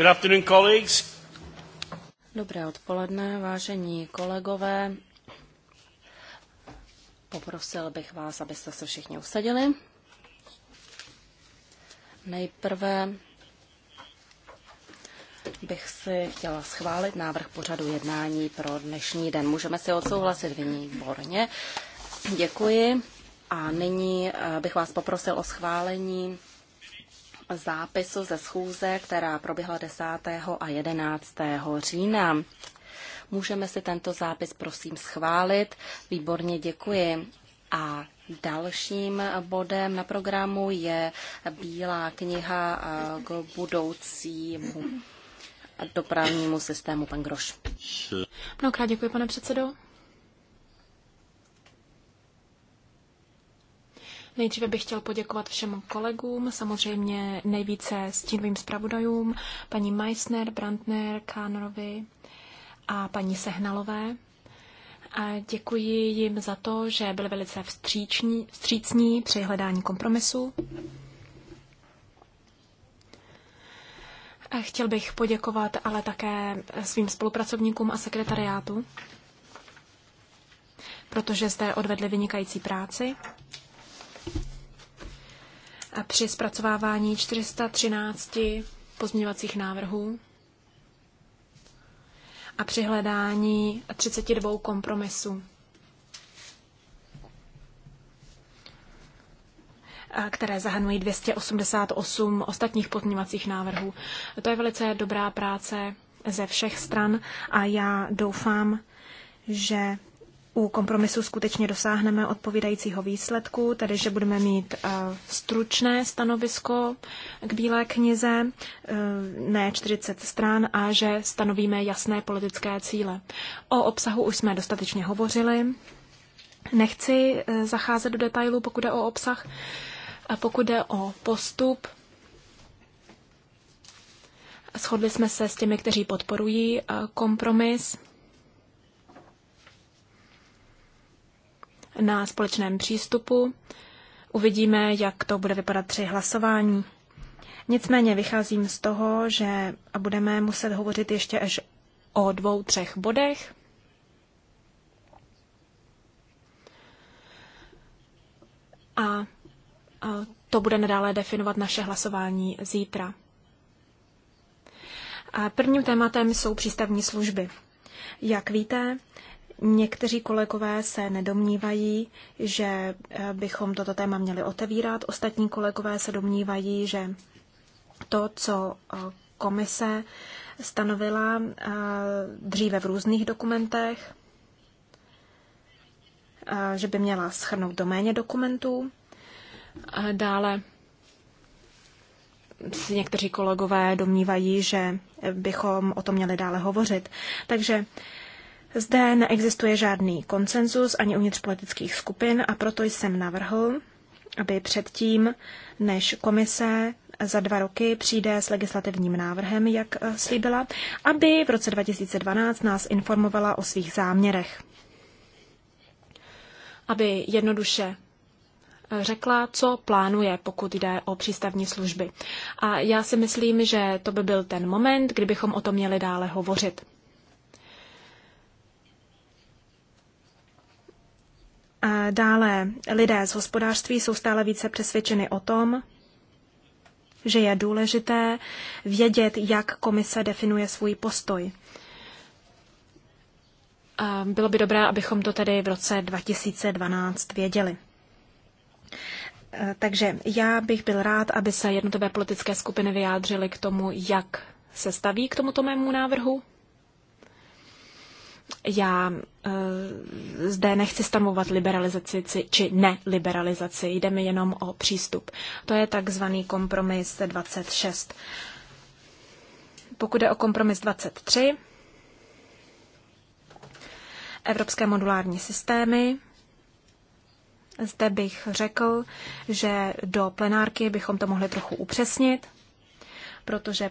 Good afternoon, colleagues. Dobré odpoledne, vážení kolegové. Poprosil bych vás, abyste se všichni usadili. Nejprve bych si chtěla schválit návrh pořadu jednání pro dnešní den. Můžeme si odsouhlasit výborně. Děkuji. A nyní eh, bych vás poprosil o schválení zápisu ze schůze, která proběhla 10. a 11. října. Můžeme si tento zápis prosím schválit. Výborně děkuji. A dalším bodem na programu je Bílá kniha eh, k budoucímu dopravnímu systému. Pan Groš. Mnohokrát děkuji, pane předsedo. Nejdříve bych chtěl poděkovat všem kolegům, samozřejmě nejvíce stínovým zpravodajům, paní Meissner, Brandner, Kánorovi a paní Sehnalové. A děkuji jim za to, že byli velice vstříční, vstřícní při hledání kompromisu. A chtěl bych poděkovat ale také svým spolupracovníkům a sekretariátu, protože zde odvedli vynikající práci při zpracovávání 413 pozměňovacích návrhů a při hledání 32 kompromisů. které zahrnují 288 ostatních pozměňovacích návrhů. To je velice dobrá práce ze všech stran a já doufám, že u kompromisu skutečně dosáhneme odpovídajícího výsledku, tedy že budeme mít eh, stručné stanovisko k Bílé knize, eh, ne 40 stran, a že stanovíme jasné politické cíle. O obsahu už jsme dostatečně hovořili. Nechci eh, zacházet do detailů, pokud jde o obsah. A pokud jde o postup, shodli jsme se s těmi, kteří podporují kompromis na společném přístupu. Uvidíme, jak to bude vypadat při hlasování. Nicméně vycházím z toho, že budeme muset hovořit ještě až o dvou, třech bodech. A to bude nadále definovat naše hlasování zítra. A prvním tématem jsou přístavní služby. Jak víte, Někteří kolegové se nedomnívají, že eh, bychom toto téma měli otevírat. Ostatní kolegové se domnívají, že to, co eh, komise stanovila eh, dříve v různých dokumentech, že by měla schrnout do méně dokumentů. Dále si někteří kolegové domnívají, že bychom o tom měli dále hovořit. Takže zde neexistuje žádný konsenzus ani uvnitř politických skupin a proto jsem navrhl, aby předtím, než komise za dva roky přijde s legislativním návrhem, jak eh, slíbila, aby v roce 2012 nás informovala o svých záměrech. Aby jednoduše eh, řekla, co plánuje, pokud jde o přístavní služby. A já si myslím, že to by byl ten moment, kdybychom o tom měli dále hovořit. Dále lidé z hospodářství jsou stále více přesvědčeni o tom, že je důležité vědět, jak komise definuje svůj postoj. A bylo by dobré, abychom to tedy v roce 2012 věděli. E, takže já bych byl rád, aby se jednotlivé politické skupiny vyjádřily k tomu, jak se staví k tomuto mému návrhu já eh, zde nechci stanovovat liberalizaci či neliberalizaci, jde mi jenom o přístup. To je takzvaný kompromis 26. Pokud je o kompromis 23, evropské modulární systémy, zde bych řekl, že do plenárky bychom to mohli trochu upřesnit, protože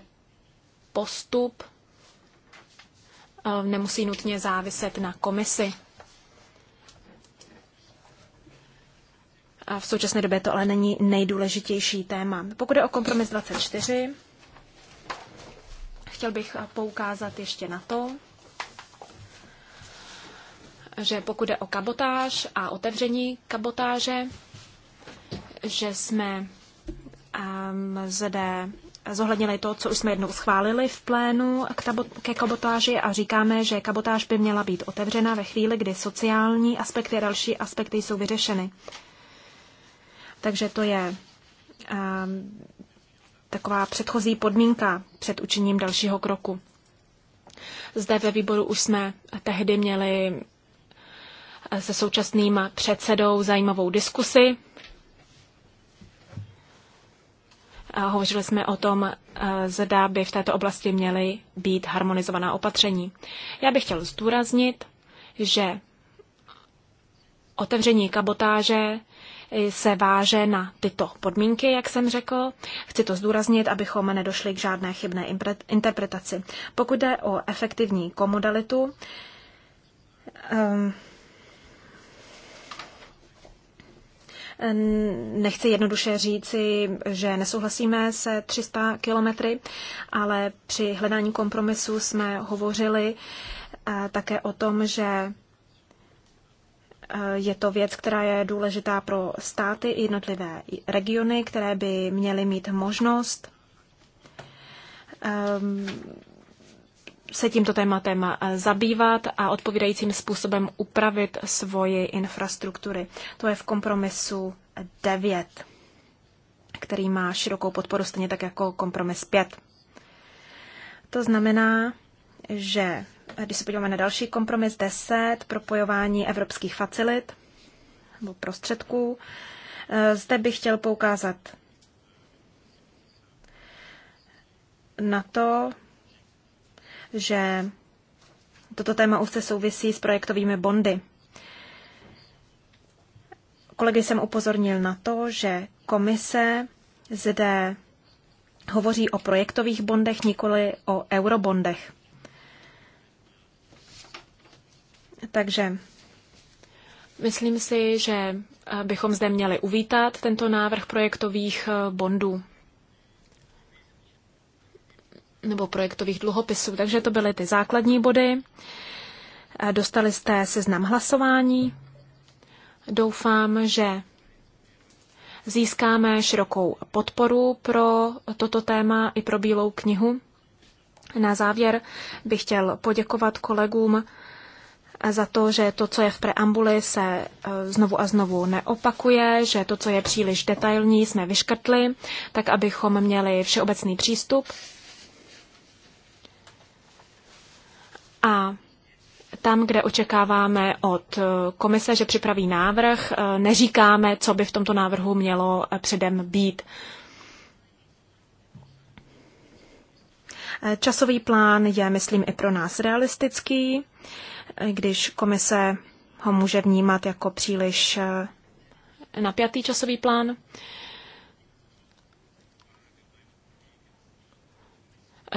postup nemusí nutně záviset na komisi. A v současné době to ale není nejdůležitější téma. Pokud je o kompromis 24, chtěl bych eh, poukázat ještě na to, že pokud je o kabotáž a otevření kabotáže, že jsme ehm, zde zohlednili to, co už jsme jednou schválili v plénu ke kabotáži a říkáme, že kabotáž by měla být otevřena ve chvíli, kdy sociální aspekty a další aspekty jsou vyřešeny. Takže to je um, taková předchozí podmínka před učiním dalšího kroku. Zde ve výboru už jsme tehdy měli se současným předsedou zajímavou diskusi Hovořili jsme o tom, eh, zda by v této oblasti měly být harmonizovaná opatření. Já bych chtěl zdůraznit, že otevření kabotáže se váže na tyto podmínky, jak jsem řekl. Chci to zdůraznit, abychom nedošli k žádné chybné interpretaci. Pokud jde o efektivní komodalitu, ehm, Nechci jednoduše říci, že nesouhlasíme se 300 kilometry, ale při hledání kompromisu jsme hovořili e, také o tom, že e, je to věc, která je důležitá pro státy i jednotlivé regiony, které by měly mít možnost se tímto tématem eh, zabývat a odpovídajícím způsobem upravit svoji infrastruktury. To je v kompromisu 9, který má širokou podporu stejně tak jako kompromis 5. To znamená, že eh, když se podíváme na další kompromis 10, propojování evropských facilit nebo prostředků, eh, zde bych chtěl poukázat na to, že toto téma už se souvisí s projektovými bondy. Kolegy jsem upozornil na to, že komise zde hovoří o projektových bondech, nikoli o eurobondech. Takže myslím si, že bychom zde měli uvítat tento návrh projektových bondů nebo projektových dluhopisů. Takže to byly ty základní body. Dostali jste seznam hlasování. Doufám, že získáme širokou podporu pro toto téma i pro Bílou knihu. Na závěr bych chtěl poděkovat kolegům za to, že to, co je v preambuli, se e, znovu a znovu neopakuje, že to, co je příliš detailní, jsme vyškrtli, tak abychom měli všeobecný přístup. A tam, kde očekáváme od eh, komise, že připraví návrh, eh, neříkáme, co by v tomto návrhu mělo eh, předem být. Časový plán je, myslím, i pro nás realistický, když komise ho může vnímat jako příliš napjatý časový plán.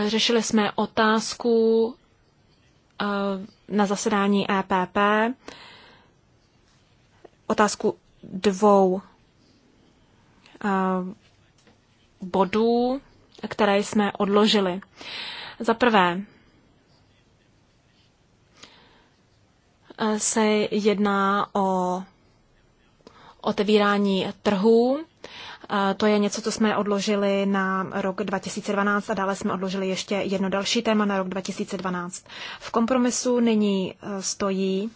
Řešili jsme otázku Eh, na zasedání EPP otázku dvou eh, bodů, které jsme odložili. Za prvé eh, se jedná o otevírání trhů to je něco, co jsme odložili na rok 2012 a dále jsme odložili ještě jedno další téma na rok 2012. V kompromisu nyní eh, stojí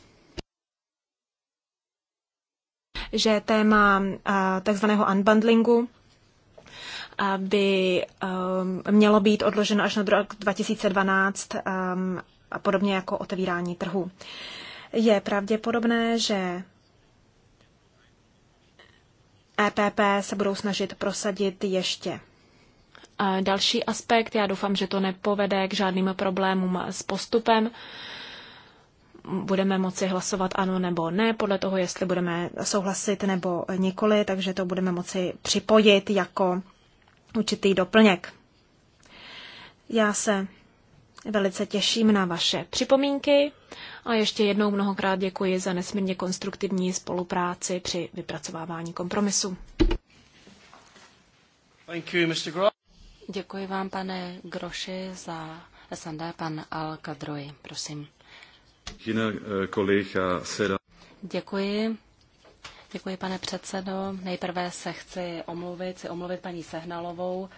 že téma eh, takzvaného unbundlingu eh, by mělo být odloženo až na rok 2012, a podobně jako otevírání trhu. Je pravděpodobné, že EPP se budou snažit prosadit ještě. A další aspekt, já doufám, že to nepovede k žádným problémům s postupem. Budeme moci hlasovat ano nebo ne, podle toho, jestli budeme souhlasit nebo nikoli, takže to budeme moci připojit jako určitý doplněk. Já se velice těším na vaše připomínky a ještě jednou mnohokrát děkuji za nesmírně konstruktivní spolupráci při vypracovávání kompromisu. You, děkuji vám, pane Groši, za SND, pan Al Kadroj, prosím. Jiné eh, kolega Seda. Děkuji. Děkuji, pane předsedo. Nejprve se chci omluvit, si omluvit paní Sehnalovou,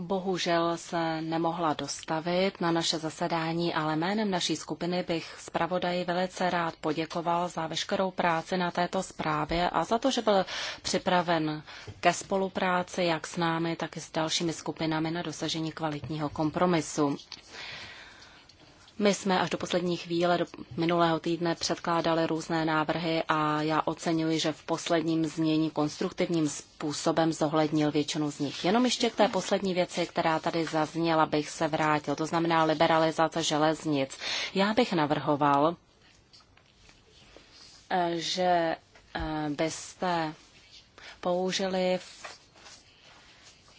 Bohužel se nemohla dostavit na naše zasedání, ale jménem naší skupiny bych zpravodaji velice rád poděkoval za veškerou práci na této zprávě a za to, že byl připraven ke spolupráci jak s námi, tak i s dalšími skupinami na dosažení kvalitního kompromisu. My jsme až do poslední chvíle do minulého týdne předkládali různé návrhy a já oceňuji, že v posledním změní konstruktivním způsobem zohlednil většinu z nich. Jenom ještě k té poslední věci, která tady zazněla, bych se vrátil. To znamená liberalizace železnic. Já bych navrhoval, eh, že eh, byste použili v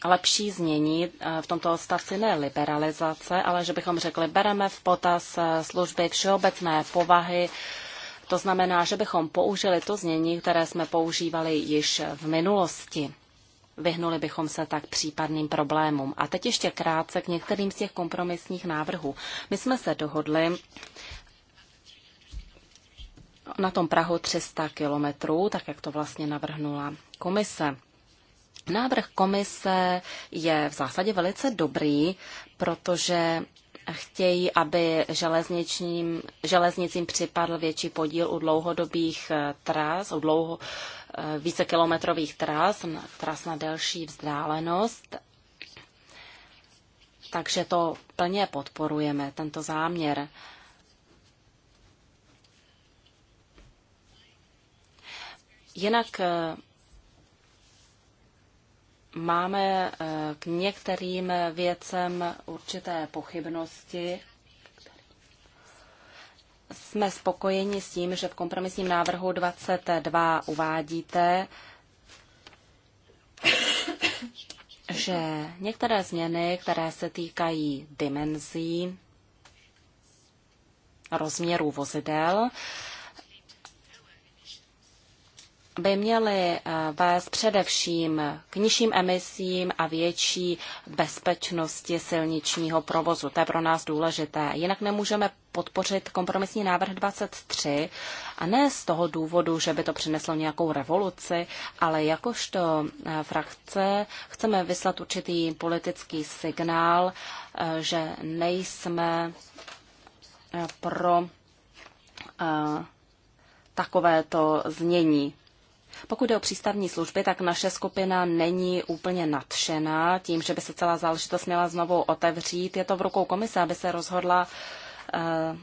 lepší znění eh, v tomto odstavci ne liberalizace, ale že bychom řekli, bereme v potaz eh, služby všeobecné povahy, to znamená, že bychom použili to znění, které jsme používali již v minulosti. Vyhnuli bychom se tak případným problémům. A teď ještě krátce k některým z těch kompromisních návrhů. My jsme se dohodli na tom Prahu 300 kilometrů, tak jak to vlastně navrhnula komise. Návrh komise je v zásadě velice dobrý, protože chtějí, aby železničním, železnicím připadl větší podíl u dlouhodobých eh, tras, u dlouho, eh, více kilometrových tras, tras na delší vzdálenost. Takže to plně podporujeme, tento záměr. Jinak eh, máme eh, k některým věcem určité pochybnosti. Jsme spokojeni s tím, že v kompromisním návrhu 22 uvádíte, že některé změny, které se týkají dimenzí, rozměrů vozidel, by měly eh, vést především k nižším emisím a větší bezpečnosti silničního provozu. To je pro nás důležité. Jinak nemůžeme podpořit kompromisní návrh 23 a ne z toho důvodu, že by to přineslo nějakou revoluci, ale jakožto eh, frakce chceme vyslat určitý politický signál, eh, že nejsme pro takovéto znění pokud jde o přístavní služby, tak naše skupina není úplně nadšená tím, že by se celá záležitost měla znovu otevřít. Je to v rukou komise, aby se rozhodla, eh,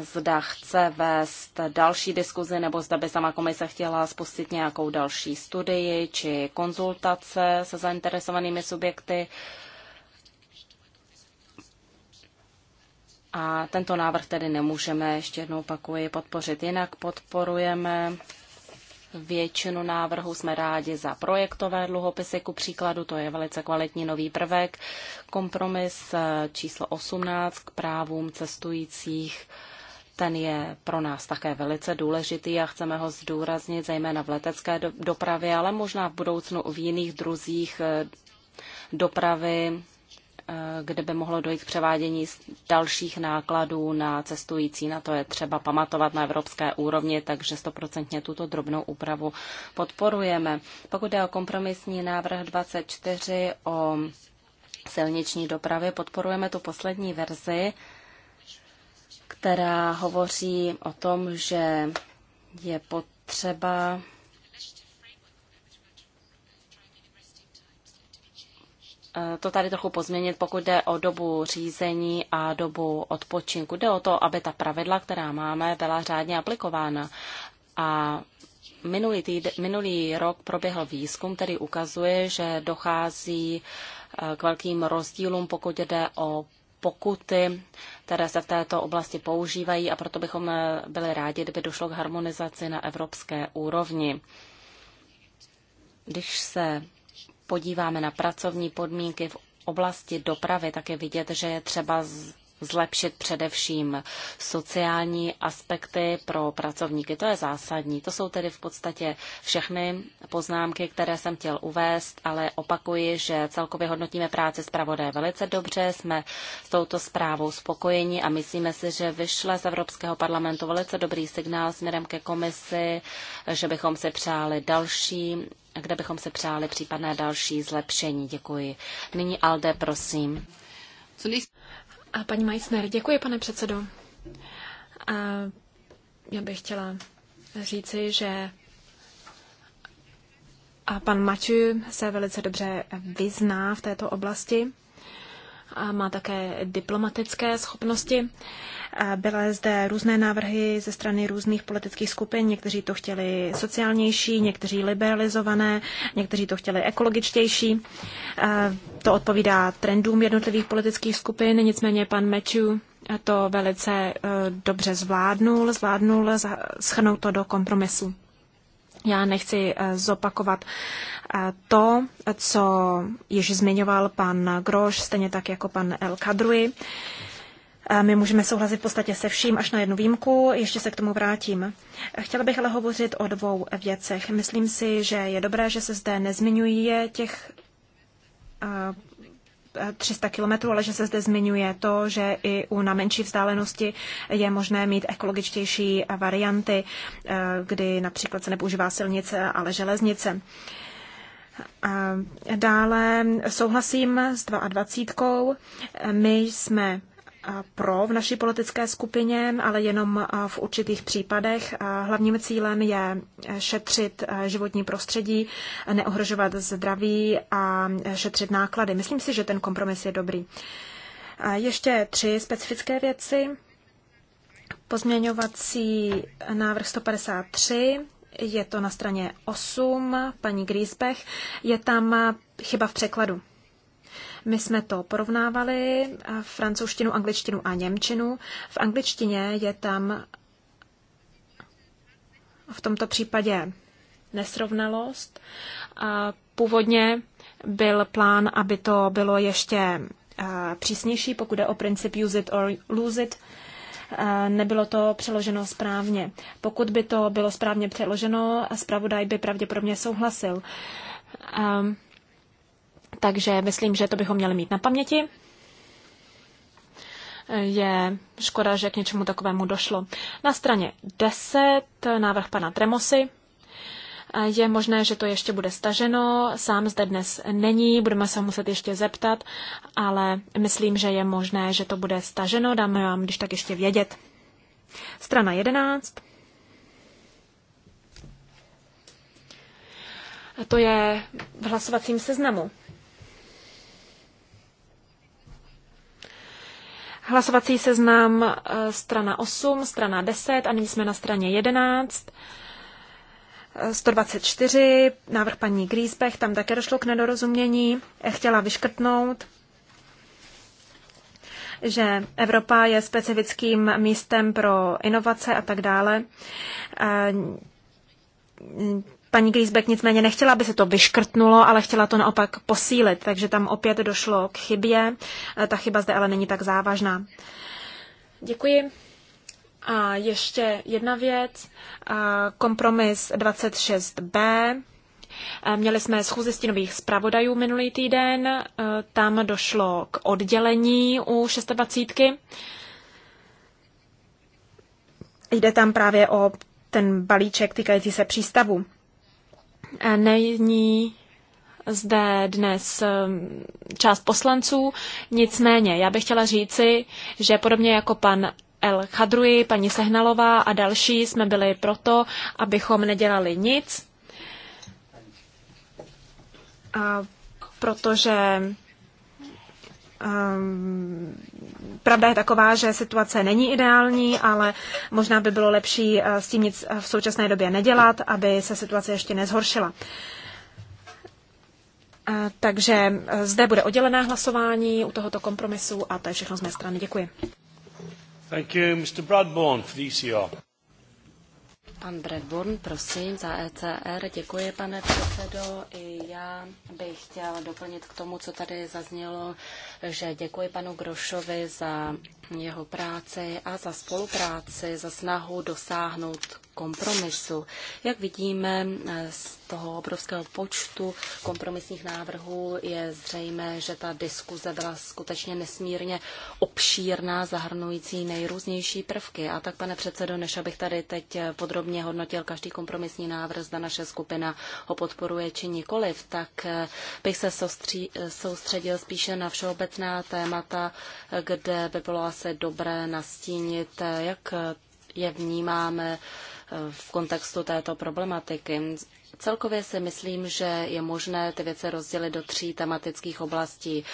zda chce vést další diskuzi, nebo zda by sama komise chtěla spustit nějakou další studii či konzultace se zainteresovanými subjekty. A tento návrh tedy nemůžeme, ještě jednou opakuji, podpořit. Jinak podporujeme Většinu návrhů jsme rádi za projektové dluhopisy, ku příkladu, to je velice kvalitní nový prvek. Kompromis eh, číslo 18 k právům cestujících ten je pro nás také velice důležitý a chceme ho zdůraznit zejména v letecké dopravě, ale možná v budoucnu v jiných druzích eh, dopravy kde by mohlo dojít k převádění dalších nákladů na cestující. Na to je třeba pamatovat na evropské úrovni, takže stoprocentně tuto drobnou úpravu podporujeme. Pokud je o kompromisní návrh 24 o silniční dopravě, podporujeme tu poslední verzi, která hovoří o tom, že je potřeba Eh, to tady trochu pozměnit, pokud jde o dobu řízení a dobu odpočinku. Jde o to, aby ta pravidla, která máme, byla řádně aplikována. A minulý, týd- minulý rok proběhl výzkum, který ukazuje, že dochází eh, k velkým rozdílům, pokud jde o pokuty, které se v této oblasti používají a proto bychom eh, byli rádi, kdyby došlo k harmonizaci na evropské úrovni. Když se podíváme na pracovní podmínky v oblasti dopravy, tak je vidět, že je třeba zlepšit především sociální aspekty pro pracovníky. To je zásadní. To jsou tedy v podstatě všechny poznámky, které jsem chtěl uvést, ale opakuji, že celkově hodnotíme práci zpravodaje velice dobře, jsme s touto zprávou spokojeni a myslíme si, že vyšle z Evropského parlamentu velice dobrý signál směrem ke komisi, že bychom si přáli další kde bychom si přáli případné další zlepšení. Děkuji. Nyní Alde, prosím. A paní Majsner, děkuji, pane předsedo. A já bych chtěla říci, že a pan Maču se velice dobře vyzná v této oblasti a má také diplomatické schopnosti. Byly zde různé návrhy ze strany různých politických skupin. Někteří to chtěli sociálnější, někteří liberalizované, někteří to chtěli ekologičtější. To odpovídá trendům jednotlivých politických skupin. Nicméně pan Mečů to velice eh, dobře zvládnul, zvládnul schrnout to do kompromisu. Já nechci eh, zopakovat eh, to, co již zmiňoval pan Groš, stejně tak jako pan El Kadruji. Eh, my můžeme souhlasit v podstatě se vším až na jednu výjimku, ještě se k tomu vrátím. Chtěla bych ale hovořit o dvou věcech. Myslím si, že je dobré, že se zde nezmiňují těch 300 kilometrů, ale že se zde zmiňuje to, že i u na menší vzdálenosti je možné mít ekologičtější varianty, eh, kdy například se nepoužívá silnice, ale železnice. Eh, dále souhlasím s 22. My jsme pro v naší politické skupině, ale jenom v určitých případech. Hlavním cílem je šetřit životní prostředí, neohrožovat zdraví a šetřit náklady. Myslím si, že ten kompromis je dobrý. Ještě tři specifické věci. Pozměňovací návrh 153, je to na straně 8, paní Griesbech, je tam chyba v překladu. My jsme to porovnávali, francouzštinu, angličtinu a němčinu. V angličtině je tam v tomto případě nesrovnalost. Původně byl plán, aby to bylo ještě eh, přísnější, pokud je o princip use it or lose it. Eh, nebylo to přeloženo správně. Pokud by to bylo správně přeloženo, zpravodaj by pravděpodobně souhlasil. Ehm, takže myslím, že to bychom měli mít na paměti. Je škoda, že k něčemu takovému došlo. Na straně 10 návrh pana Tremosy. Je možné, že to ještě bude staženo. Sám zde dnes není, budeme se muset ještě zeptat, ale myslím, že je možné, že to bude staženo. Dáme vám, když tak, ještě vědět. Strana 11. To je v hlasovacím seznamu. Hlasovací seznam e, strana 8, strana 10 a nyní jsme na straně 11. 124, e, návrh paní Griesbech, tam také došlo k nedorozumění, e, chtěla vyškrtnout, že Evropa je specifickým místem pro inovace a tak dále Paní Griesbeck nicméně nechtěla, aby se to vyškrtnulo, ale chtěla to naopak posílit, takže tam opět došlo k chybě. E, ta chyba zde ale není tak závažná. Děkuji. A ještě jedna věc, e, kompromis 26b. E, měli jsme schůzi stínových zpravodajů minulý týden, tam došlo k oddělení u 26. Jde tam právě o ten balíček týkající se přístavu. Eh, není zde dnes ehm, část poslanců, nicméně já bych chtěla říci, že podobně jako pan El Chadruji, paní Sehnalová a další jsme byli proto, abychom nedělali nic, a protože Ehm, pravda je taková, že situace není ideální, ale možná by bylo lepší eh, s tím nic v současné době nedělat, aby se situace ještě nezhoršila. Eh, takže eh, zde bude oddělené hlasování u tohoto kompromisu a to je všechno z mé strany. Děkuji. Thank you, Mr. Bradbourne, for the ECR. Pan Bradburn, prosím, za ECR. Děkuji, pane předsedo. I já bych chtěl doplnit k tomu, co tady zaznělo, že děkuji panu Grošovi za jeho práci a za spolupráci, za snahu dosáhnout kompromisu. Jak vidíme, toho obrovského počtu kompromisních návrhů je zřejmé, že ta diskuze byla skutečně nesmírně obšírná, zahrnující nejrůznější prvky. A tak, pane předsedo, než abych tady teď podrobně hodnotil každý kompromisní návrh, zda naše skupina ho podporuje či nikoliv, tak eh, bych se soustředil spíše na všeobecná témata, kde by bylo asi dobré nastínit, eh, jak je vnímáme eh, v kontextu této problematiky. Celkově si myslím, že je možné ty věci rozdělit do tří tematických oblastí.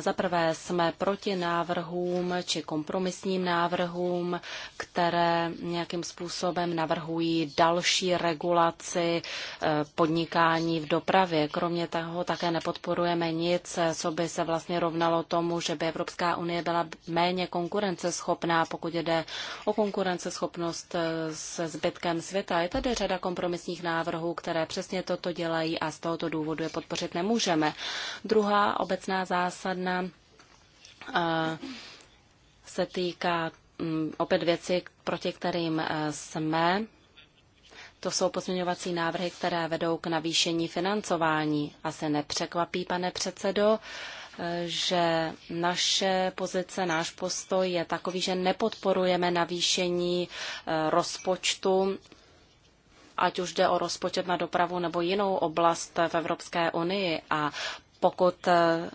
Za prvé jsme proti návrhům či kompromisním návrhům, které nějakým způsobem navrhují další regulaci eh, podnikání v dopravě. Kromě toho také nepodporujeme nic, co by se vlastně rovnalo tomu, že by Evropská unie byla méně konkurenceschopná, pokud jde o konkurenceschopnost eh, se zbytkem světa. Je tady řada kompromisních návrhů, které přesně toto dělají a z tohoto důvodu je podpořit nemůžeme. Druhá obecná zásadna eh, se týká mm, opět věci, proti kterým eh, jsme. To jsou pozměňovací návrhy, které vedou k navýšení financování. Asi nepřekvapí, pane předsedo, eh, že naše pozice, náš postoj je takový, že nepodporujeme navýšení rozpočtu ať už jde o rozpočet na dopravu nebo jinou oblast v Evropské unii. A pokud eh,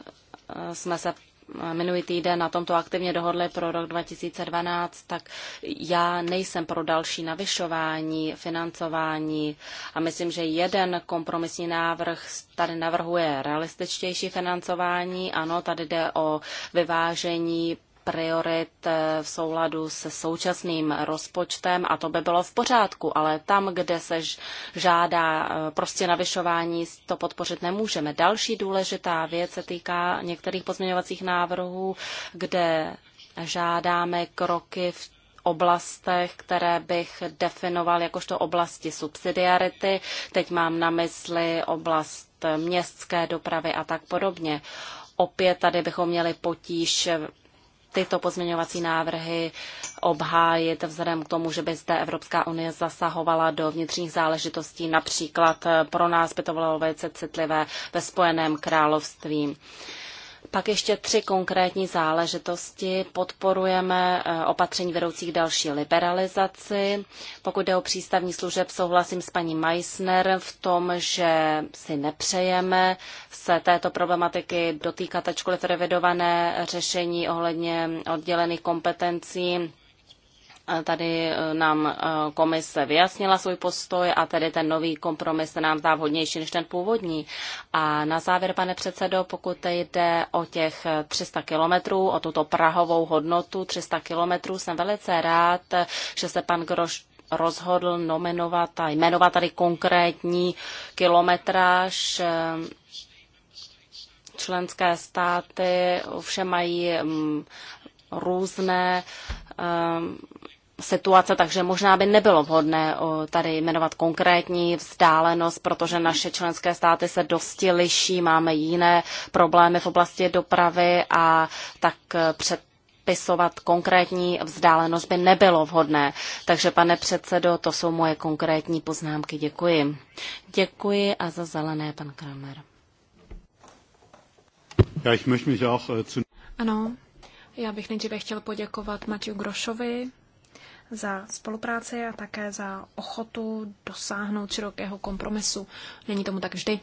jsme se eh, minulý týden na tomto aktivně dohodli pro rok 2012, tak já nejsem pro další navyšování, financování a myslím, že jeden kompromisní návrh tady navrhuje realističtější financování. Ano, tady jde o vyvážení priorit eh, v souladu se současným rozpočtem a to by bylo v pořádku, ale tam, kde se žádá eh, prostě navyšování, to podpořit nemůžeme. Další důležitá věc se týká některých pozměňovacích návrhů, kde žádáme kroky v oblastech, které bych definoval jakožto oblasti subsidiarity. Teď mám na mysli oblast městské dopravy a tak podobně. Opět tady bychom měli potíž tyto pozměňovací návrhy obhájit vzhledem k tomu, že by zde Evropská unie zasahovala do vnitřních záležitostí. Například eh, pro nás by to bylo velice citlivé ve Spojeném království. Pak ještě tři konkrétní záležitosti. Podporujeme eh, opatření vedoucí k další liberalizaci. Pokud jde o přístavní služeb, souhlasím s paní Meissner v tom, že si nepřejeme se této problematiky dotýkat, ačkoliv revidované řešení ohledně oddělených kompetencí Tady eh, nám eh, komise vyjasnila svůj postoj a tedy ten nový kompromis se nám zdá vhodnější než ten původní. A na závěr, pane předsedo, pokud jde o těch 300 eh, kilometrů, o tuto prahovou hodnotu 300 kilometrů, jsem velice rád, že se pan Groš rozhodl nominovat a jmenovat tady konkrétní kilometráž členské státy ovšem mají mm, různé situace, takže možná by nebylo vhodné tady jmenovat konkrétní vzdálenost, protože naše členské státy se dosti liší, máme jiné problémy v oblasti dopravy a tak e, před pisovat konkrétní vzdálenost by nebylo vhodné. Takže, pane předsedo, to jsou moje konkrétní poznámky. Děkuji. Děkuji a za zelené, pan Kramer. Äh, ano, já bych nejdříve chtěl poděkovat Matiu Grošovi za spolupráci a také za ochotu dosáhnout širokého kompromisu. Není tomu tak vždy.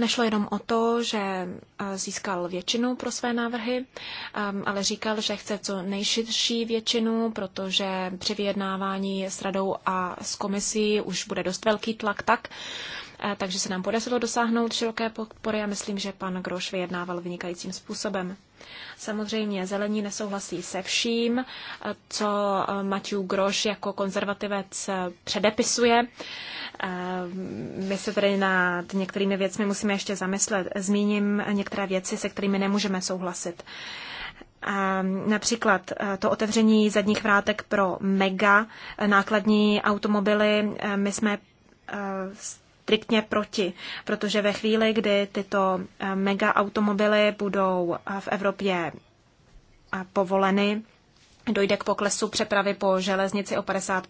Nešlo jenom o to, že eh, získal většinu pro své návrhy, ehm, ale říkal, že chce co nejširší většinu, protože při vyjednávání s radou a s komisí už bude dost velký tlak tak, Eh, takže se nám podařilo dosáhnout široké podpory a myslím, že pan Groš vyjednával vynikajícím způsobem. Samozřejmě zelení nesouhlasí se vším, eh, co eh, Matěj Groš jako konzervativec předepisuje. My se tedy nad některými věcmi musíme ještě zamyslet. Zmíním některé věci, se kterými nemůžeme souhlasit. Například to otevření zadních vrátek pro mega nákladní automobily. My jsme striktně proti, protože ve chvíli, kdy tyto eh, mega automobily budou eh, v Evropě eh, povoleny, dojde k poklesu přepravy po železnici o 50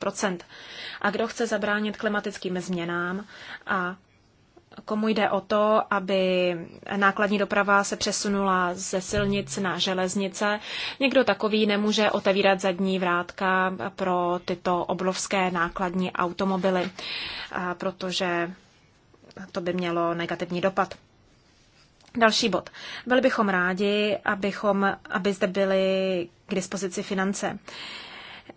A kdo chce zabránit klimatickým změnám a komu jde o to, aby nákladní doprava se přesunula ze silnic na železnice. Někdo takový nemůže otevírat zadní vrátka pro tyto obrovské nákladní automobily, protože to by mělo negativní dopad. Další bod. Byli bychom rádi, abychom, aby zde byly k dispozici finance.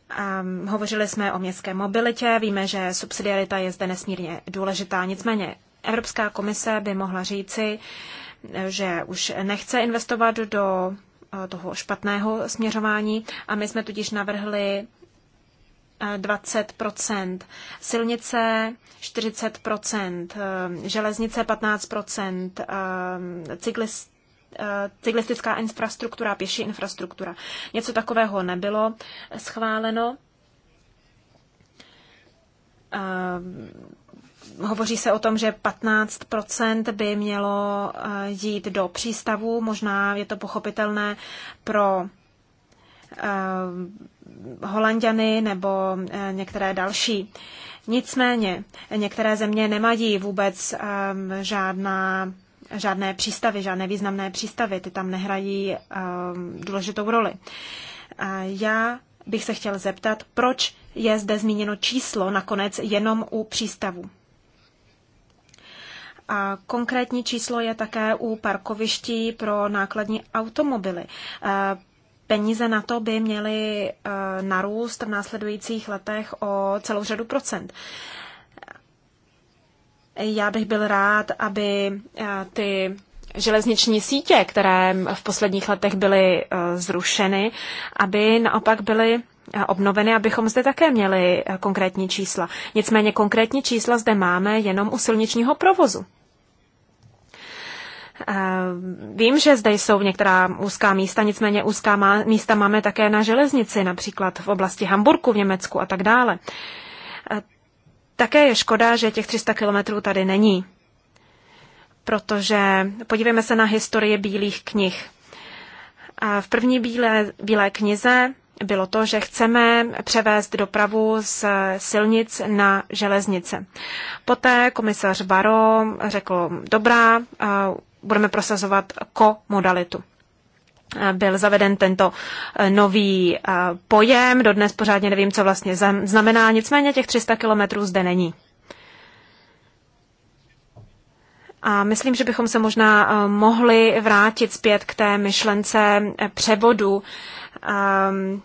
A ehm, hovořili jsme o městské mobilitě, víme, že subsidiarita je zde nesmírně důležitá, nicméně Evropská komise by mohla říci, že už nechce investovat do eh, toho špatného směřování a my jsme tudíž navrhli 20 silnice 40 eh, železnice 15 eh, cyklist, eh, cyklistická infrastruktura, pěší infrastruktura. Něco takového nebylo schváleno. Hovoří se o tom, že 15 by mělo jít do přístavu. Možná je to pochopitelné pro Holandiany nebo eh, některé další. Nicméně některé země nemají vůbec ehm, žádná, žádné přístavy, žádné významné přístavy, ty tam nehrají ehm, důležitou roli. Já bych se chtěl zeptat, proč je zde zmíněno číslo nakonec jenom u přístavu. A konkrétní číslo je také u parkoviští pro nákladní automobily. Eh, Peníze na to by měly eh, narůst v následujících letech o celou řadu procent. Já bych byl rád, aby eh, ty železniční sítě, které v posledních letech byly eh, zrušeny, aby naopak byly obnoveny, abychom zde také měli konkrétní čísla. Nicméně konkrétní čísla zde máme jenom u silničního provozu. Eh, vím, že zde jsou některá úzká místa, nicméně úzká má, místa máme také na železnici, například v oblasti Hamburku v Německu a tak dále. Eh, také je škoda, že těch 300 kilometrů tady není, protože podívejme se na historii bílých knih. Eh, v první bílé, bílé knize bylo to, že chceme převést dopravu z silnic na železnice. Poté komisař Baro řekl, dobrá, budeme prosazovat komodalitu. Byl zaveden tento eh, nový eh, pojem, dodnes pořádně nevím, co vlastně znamená, nicméně těch 300 kilometrů zde není. A myslím, že bychom se možná eh, mohli vrátit zpět k té myšlence převodu ehm,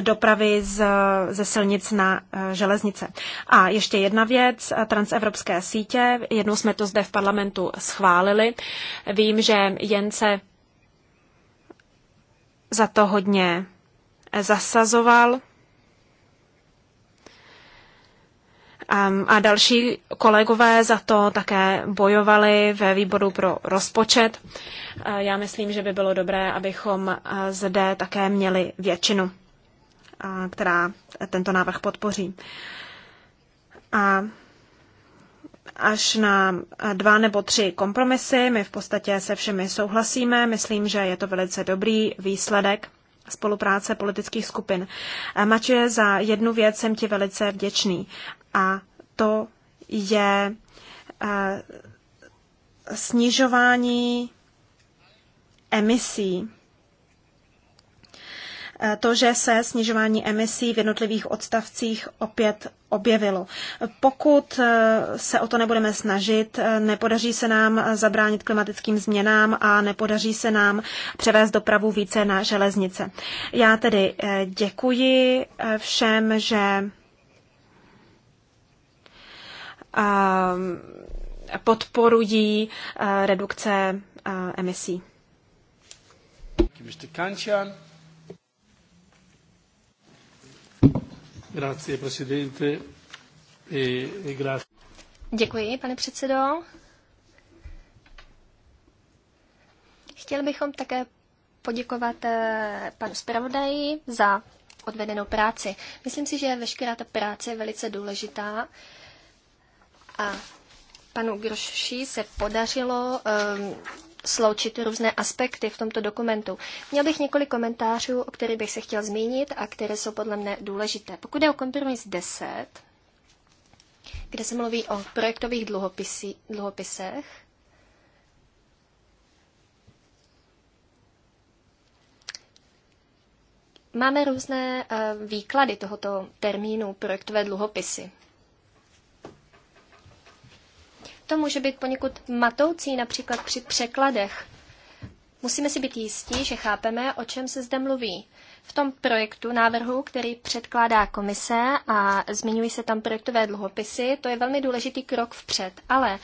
dopravy z, ze silnic na eh, železnice. A ještě jedna věc, eh, transevropské sítě. Jednou jsme to zde v parlamentu schválili. Vím, že Jence za to hodně eh, zasazoval. Ehm, a další kolegové za to také bojovali ve výboru pro rozpočet. Já myslím, že by bylo dobré, abychom zde také měli většinu která tento návrh podpoří. A až na dva nebo tři kompromisy. My v podstatě se všemi souhlasíme. Myslím, že je to velice dobrý výsledek spolupráce politických skupin. Mačuje, za jednu věc jsem ti velice vděčný. A to je eh, snižování emisí Eh, to, že se snižování emisí v jednotlivých odstavcích opět objevilo. Pokud eh, se o to nebudeme snažit, eh, nepodaří se nám zabránit klimatickým změnám a nepodaří se nám převést dopravu více na železnice. Já tedy děkuji všem, že podporují redukce emisí. Mr. E, e Děkuji, pane předsedo. Chtěli bychom také poděkovat eh, panu zpravodaji za odvedenou práci. Myslím si, že veškerá ta práce je velice důležitá a panu Groši se podařilo um, sloučit různé aspekty v tomto dokumentu. Měl bych několik komentářů, o kterých bych se chtěl zmínit a které jsou podle mne důležité. Pokud je o kompromis 10, kde se mluví o projektových dluhopisech, Máme různé eh, výklady tohoto termínu projektové dluhopisy. To může být poněkud matoucí například při překladech. Musíme si být jistí, že chápeme, o čem se zde mluví. V tom projektu návrhu, který předkládá komise a zmiňují se tam projektové dluhopisy, to je velmi důležitý krok vpřed, ale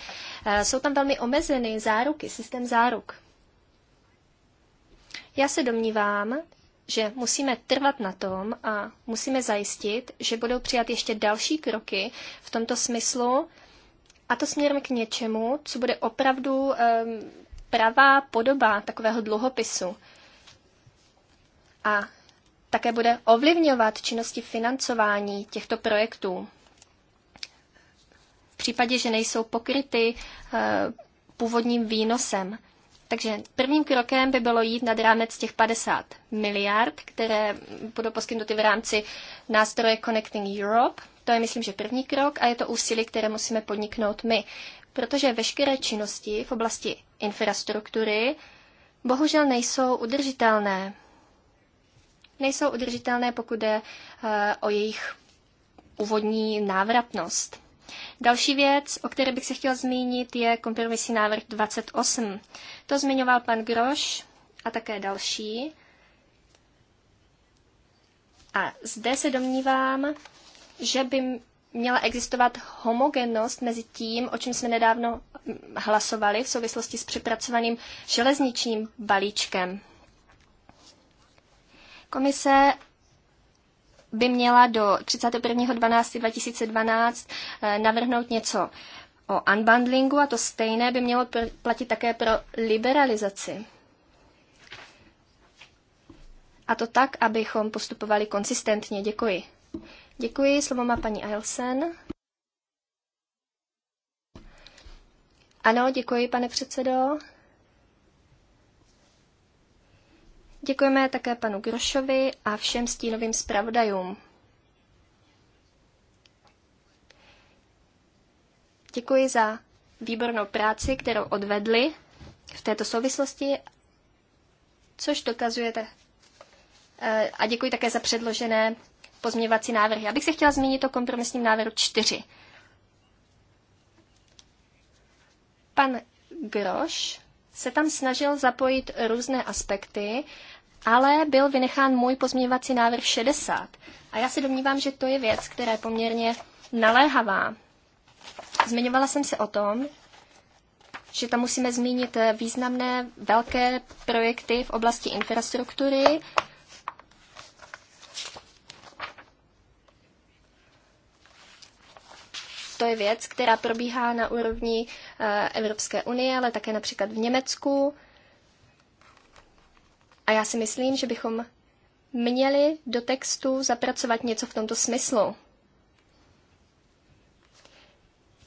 e, jsou tam velmi omezeny záruky, systém záruk. Já se domnívám, že musíme trvat na tom a musíme zajistit, že budou přijat ještě další kroky v tomto smyslu, a to směrem k něčemu, co bude opravdu um, pravá podoba takového dluhopisu. A také bude ovlivňovat činnosti financování těchto projektů. V případě, že nejsou pokryty uh, původním výnosem. Takže prvním krokem by bylo jít nad rámec těch 50 miliard, které budou poskytnuty v rámci nástroje Connecting Europe – to je, myslím, že první krok a je to úsilí, které musíme podniknout my, protože veškeré činnosti v oblasti infrastruktury bohužel nejsou udržitelné. Nejsou udržitelné, pokud jde eh, o jejich úvodní návratnost. Další věc, o které bych se chtěl zmínit, je kompromisní návrh 28. To zmiňoval pan Groš a také další. A zde se domnívám, že by měla existovat homogennost mezi tím, o čem jsme nedávno hlasovali v souvislosti s přepracovaným železničním balíčkem. Komise by měla do 31.12.2012 eh, navrhnout něco o unbundlingu a to stejné by mělo platit také pro liberalizaci. A to tak, abychom postupovali konsistentně. Děkuji. Děkuji, slovo má paní Ailsen. Ano, děkuji, pane předsedo. Děkujeme také panu Grošovi a všem stínovým zpravodajům. Děkuji za výbornou práci, kterou odvedli v této souvislosti, což dokazujete. Eh, a děkuji také za předložené pozměňovací návrhy. Já bych se chtěla zmínit o kompromisním návrhu 4. Pan Groš se tam snažil zapojit různé aspekty, ale byl vynechán můj pozměňovací návrh 60. A já se domnívám, že to je věc, která je poměrně naléhavá. Zmiňovala jsem se o tom, že tam musíme zmínit významné velké projekty v oblasti infrastruktury to je věc, která probíhá na úrovni eh, Evropské unie, ale také například v Německu. A já si myslím, že bychom měli do textu zapracovat něco v tomto smyslu.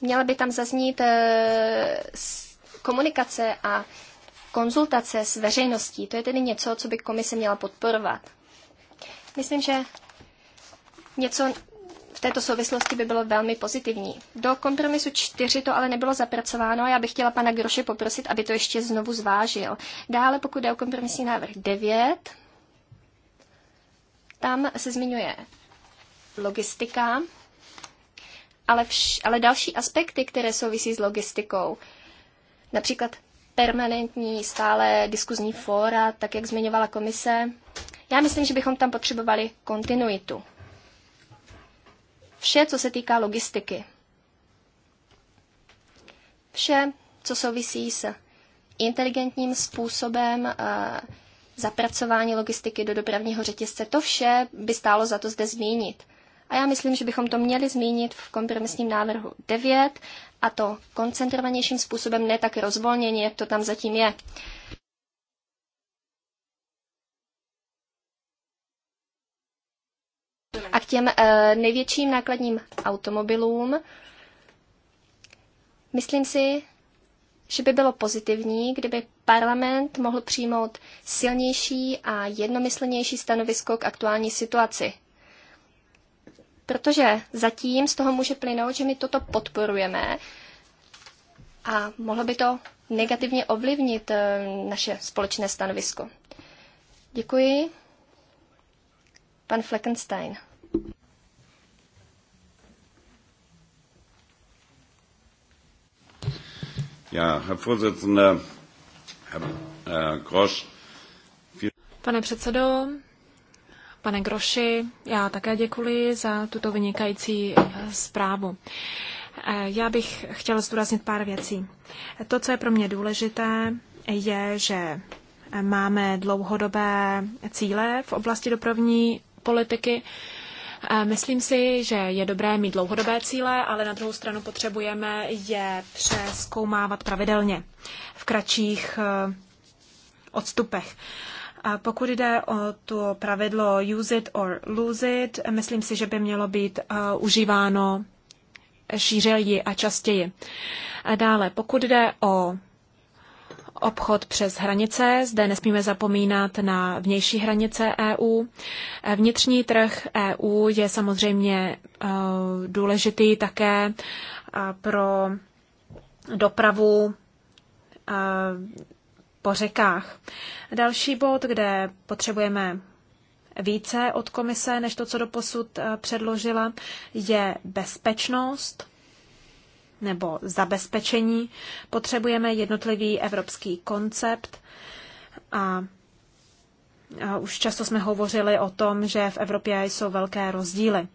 Měla by tam zaznít eh, komunikace a konzultace s veřejností. To je tedy něco, co by komise měla podporovat. Myslím, že něco v této souvislosti by bylo velmi pozitivní. Do kompromisu 4 to ale nebylo zapracováno a já bych chtěla pana Groše poprosit, aby to ještě znovu zvážil. Dále, pokud jde o kompromisní návrh 9, tam se zmiňuje logistika, ale, vš- ale další aspekty, které souvisí s logistikou, například permanentní, stále diskuzní fóra, tak jak zmiňovala komise, já myslím, že bychom tam potřebovali kontinuitu vše, co se týká logistiky. Vše, co souvisí s inteligentním způsobem eh, zapracování logistiky do dopravního řetězce, to vše by stálo za to zde zmínit. A já myslím, že bychom to měli zmínit v kompromisním návrhu 9, a to koncentrovanějším způsobem, ne tak rozvolněně, jak to tam zatím je. a k těm eh, největším nákladním automobilům. Myslím si, že by bylo pozitivní, kdyby parlament mohl přijmout silnější a jednomyslnější stanovisko k aktuální situaci. Protože zatím z toho může plynout, že my toto podporujeme a mohlo by to negativně ovlivnit eh, naše společné stanovisko. Děkuji. Pan Fleckenstein. Ja, Herr Vorsitzender, Herr äh, Grosch. Pane předsedo, pane Groši, já také děkuji za tuto vynikající äh, zprávu. Äh, já bych chtěla zdůraznit pár věcí. To, co je pro mě důležité, je, že máme dlouhodobé cíle v oblasti dopravní politiky. Myslím si, že je dobré mít dlouhodobé cíle, ale na druhou stranu potřebujeme je přeskoumávat pravidelně v kratších eh, odstupech. A pokud jde o to pravidlo use it or lose it, myslím si, že by mělo být eh, užíváno šířeji a častěji. A dále, pokud jde o obchod přes hranice. Zde nesmíme zapomínat na vnější hranice EU. E, vnitřní trh EU je samozřejmě e, důležitý také e, pro dopravu po řekách. Další bod, kde potřebujeme více od komise, než to, co doposud předložila, je bezpečnost nebo zabezpečení. Potřebujeme jednotlivý evropský koncept a už často jsme hovořili o tom, že v Evropě jsou velké rozdíly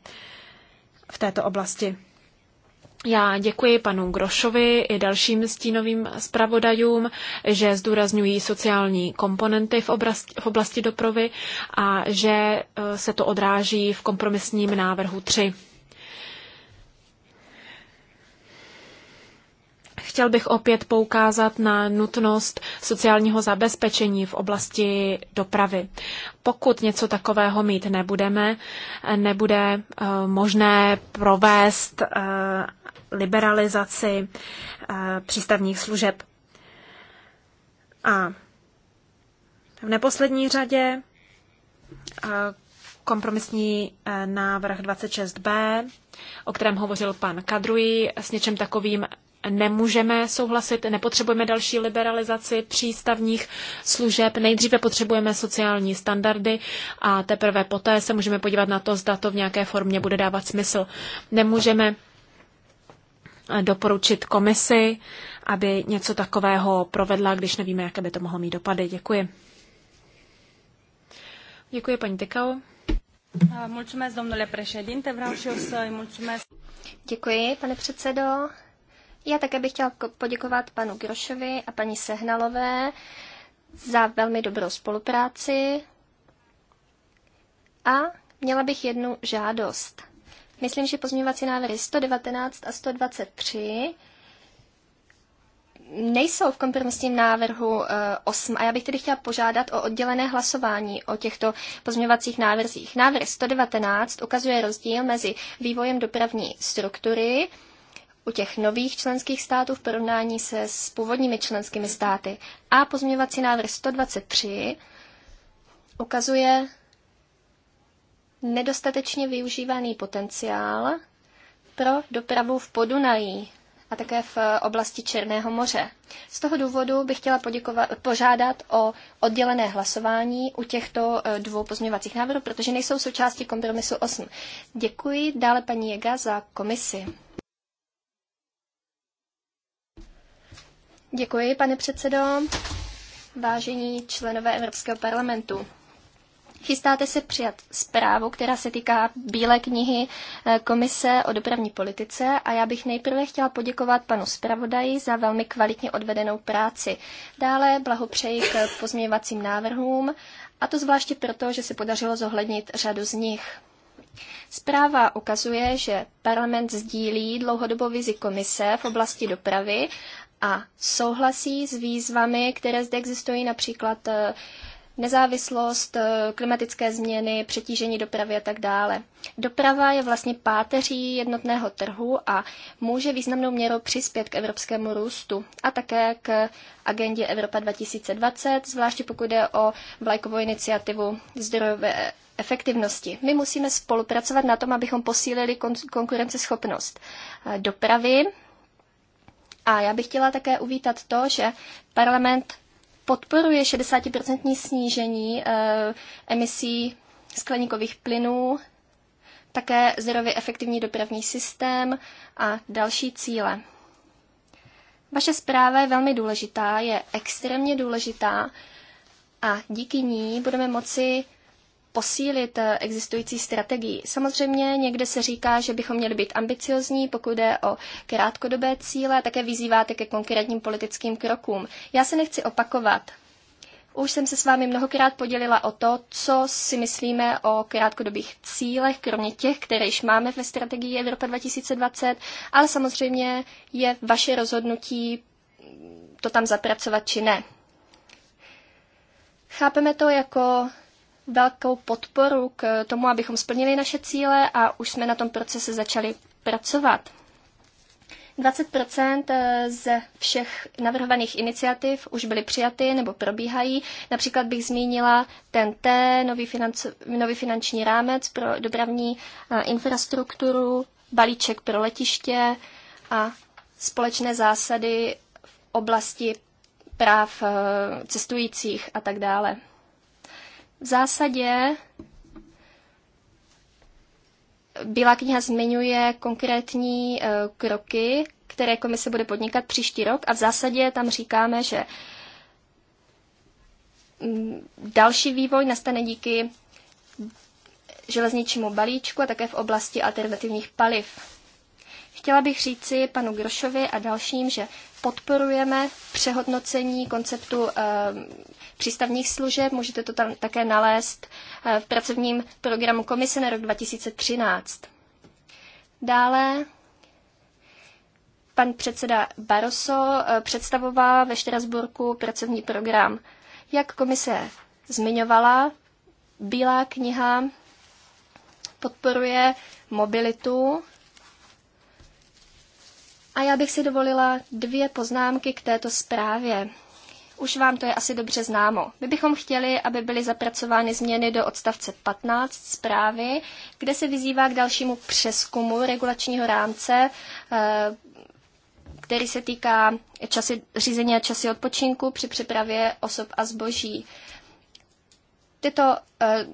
v této oblasti. Já děkuji panu Grošovi i dalším stínovým zpravodajům, že zdůrazňují sociální komponenty v oblasti, v oblasti dopravy a že e, se to odráží v kompromisním návrhu 3. Chtěl bych opět poukázat na nutnost sociálního zabezpečení v oblasti dopravy. Pokud něco takového mít nebudeme, nebude eh, možné provést eh, liberalizaci eh, přístavních služeb. A v neposlední řadě kompromisní návrh 26b, o kterém hovořil pan Kadruji, s něčem takovým nemůžeme souhlasit, nepotřebujeme další liberalizaci přístavních služeb, nejdříve potřebujeme sociální standardy a teprve poté se můžeme podívat na to, zda to v nějaké formě bude dávat smysl. Nemůžeme doporučit komisi, aby něco takového provedla, když nevíme, jaké by to mohlo mít dopady. Děkuji. Děkuji, paní Tykau. Mulțumesc, domnule președinte. Vreau și eu să-i mulțumesc. Děkuji, pane předsedo. Já také bych chtěla poděkovat panu Grošovi a paní Sehnalové za velmi dobrou spolupráci. A měla bych jednu žádost. Myslím, že pozměňovací návrhy 119 a 123 nejsou v kompromisním návrhu 8 eh, a já bych tedy chtěla požádat o oddělené hlasování o těchto pozměňovacích návrzích. Návrh 119 ukazuje rozdíl mezi vývojem dopravní struktury u těch nových členských států v porovnání se s původními členskými státy. A pozměňovací návrh 123 ukazuje nedostatečně využívaný potenciál pro dopravu v Podunají a také v oblasti Černého moře. Z toho důvodu bych chtěla poděkovat, požádat o oddělené hlasování u těchto e, dvou pozměňovacích návrhů, protože nejsou součástí kompromisu 8. Děkuji dále paní Jega za komisi. Děkuji, pane předsedo. Vážení členové Evropského parlamentu, chystáte se přijat zprávu, která se týká Bílé knihy eh, Komise o dopravní politice a já bych nejprve chtěla poděkovat panu zpravodaji za velmi kvalitně odvedenou práci. Dále blahopřeji k pozměňovacím návrhům a to zvláště proto, že se podařilo zohlednit řadu z nich. Zpráva ukazuje, že parlament sdílí dlouhodobou vizi komise v oblasti dopravy a souhlasí s výzvami, které zde existují, například eh, nezávislost, eh, klimatické změny, přetížení dopravy a tak dále. Doprava je vlastně páteří jednotného trhu a může významnou měrou přispět k evropskému růstu a také k agendě Evropa 2020, zvláště pokud jde o vlajkovou iniciativu zdrojové efektivnosti. My musíme spolupracovat na tom, abychom posílili konkurenceschopnost eh, dopravy a já bych chtěla také uvítat to, že parlament podporuje 60% snížení eh, emisí skleníkových plynů, také zdrově efektivní dopravní systém a další cíle. Vaše zpráva je velmi důležitá, je extrémně důležitá a díky ní budeme moci posílit eh, existující strategii. Samozřejmě někde se říká, že bychom měli být ambiciozní, pokud jde o krátkodobé cíle, také vyzýváte ke konkrétním politickým krokům. Já se nechci opakovat. Už jsem se s vámi mnohokrát podělila o to, co si myslíme o krátkodobých cílech, kromě těch, které již máme ve strategii Evropa 2020, ale samozřejmě je vaše rozhodnutí mm, to tam zapracovat či ne. Chápeme to jako velkou podporu k tomu, abychom splnili naše cíle a už jsme na tom procese začali pracovat. 20 eh, ze všech navrhovaných iniciativ už byly přijaty nebo probíhají. Například bych zmínila T, nový, financo- nový finanční rámec pro dopravní eh, infrastrukturu, balíček pro letiště a společné zásady v oblasti práv eh, cestujících a tak dále. V zásadě Bílá kniha zmiňuje konkrétní eh, kroky, které komise bude podnikat příští rok a v zásadě tam říkáme, že mm, další vývoj nastane díky železničnímu balíčku a také v oblasti alternativních paliv. Chtěla bych říci panu Grošovi a dalším, že podporujeme přehodnocení konceptu e, přístavních služeb. Můžete to tam také nalézt e, v pracovním programu komise na rok 2013. Dále pan předseda Barroso e, představoval ve Štrasburku pracovní program. Jak komise zmiňovala, Bílá kniha podporuje mobilitu a já bych si dovolila dvě poznámky k této zprávě. Už vám to je asi dobře známo. My bychom chtěli, aby byly zapracovány změny do odstavce 15 zprávy, kde se vyzývá k dalšímu přeskumu regulačního rámce, eh, který se týká časy, řízení a časy odpočinku při přepravě osob a zboží. Tyto, eh,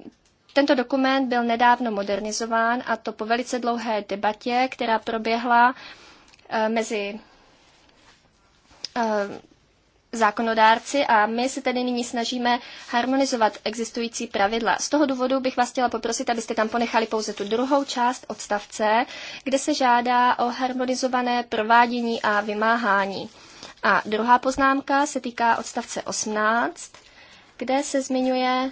tento dokument byl nedávno modernizován a to po velice dlouhé debatě, která proběhla Eh, mezi eh, zákonodárci a my se tedy nyní snažíme harmonizovat existující pravidla. Z toho důvodu bych vás chtěla poprosit, abyste tam ponechali pouze tu druhou část odstavce, kde se žádá o harmonizované provádění a vymáhání. A druhá poznámka se týká odstavce 18, kde se zmiňuje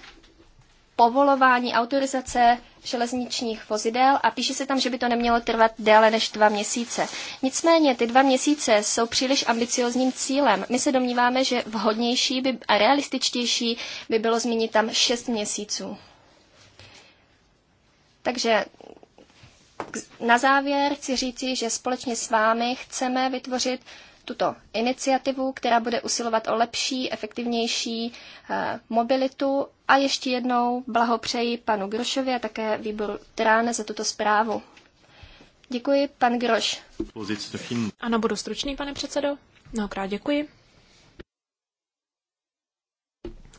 povolování autorizace železničních vozidel a píše se tam, že by to nemělo trvat déle než dva měsíce. Nicméně ty dva měsíce jsou příliš ambiciozním cílem. My se domníváme, že vhodnější by, a realističtější by bylo zmínit tam šest měsíců. Takže na závěr chci říci, že společně s vámi chceme vytvořit tuto iniciativu, která bude usilovat o lepší, efektivnější eh, mobilitu. A ještě jednou blahopřeji panu Grošovi a také výboru Tráne za tuto zprávu. Děkuji, pan Groš. Ano, budu stručný, pane předsedo. Mnohokrát děkuji.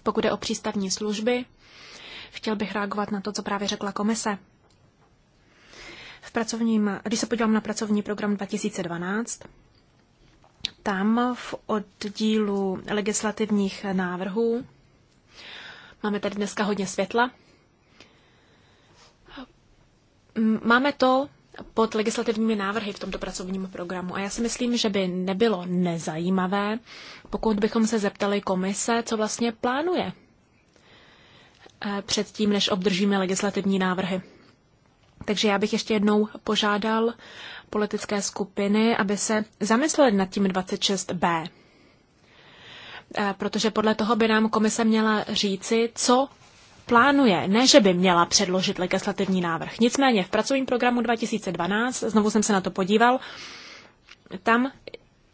Pokud je o přístavní služby, chtěl bych reagovat na to, co právě řekla komise. V pracovním, když se podívám na pracovní program 2012, tam v oddílu legislativních návrhů máme tady dneska hodně světla. Máme to pod legislativními návrhy v tomto pracovním programu. A já si myslím, že by nebylo nezajímavé, pokud bychom se zeptali komise, co vlastně plánuje eh, předtím, než obdržíme legislativní návrhy. Takže já bych ještě jednou požádal politické skupiny, aby se zamysleli nad tím 26b. E, protože podle toho by nám komise měla říci, co plánuje, ne že by měla předložit legislativní návrh. Nicméně v pracovním programu 2012, znovu jsem se na to podíval, tam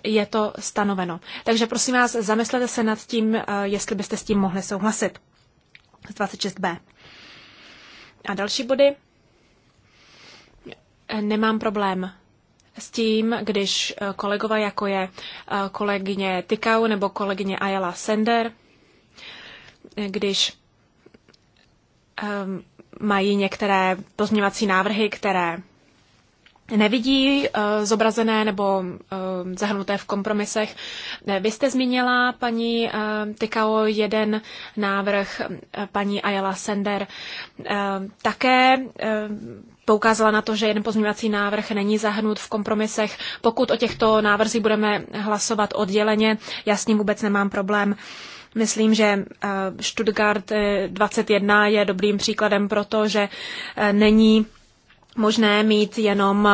je to stanoveno. Takže prosím vás, zamyslete se nad tím, e, jestli byste s tím mohli souhlasit. 26b. A další body. Nemám problém s tím, když eh, kolegova jako je eh, kolegyně Tikau nebo kolegyně Ayala Sender, když ehm, mají některé pozměvací návrhy, které nevidí eh, zobrazené nebo ehm, zahrnuté v kompromisech. Vy jste zmínila, paní Tykao, jeden návrh paní Ayala Sender. Také poukázala na to, že jeden pozměňovací návrh není zahrnut v kompromisech. Pokud o těchto návrzích budeme hlasovat odděleně, já s ním vůbec nemám problém. Myslím, že eh, Stuttgart 21 eh, je dobrým příkladem, pro to, že eh, není možné mít jenom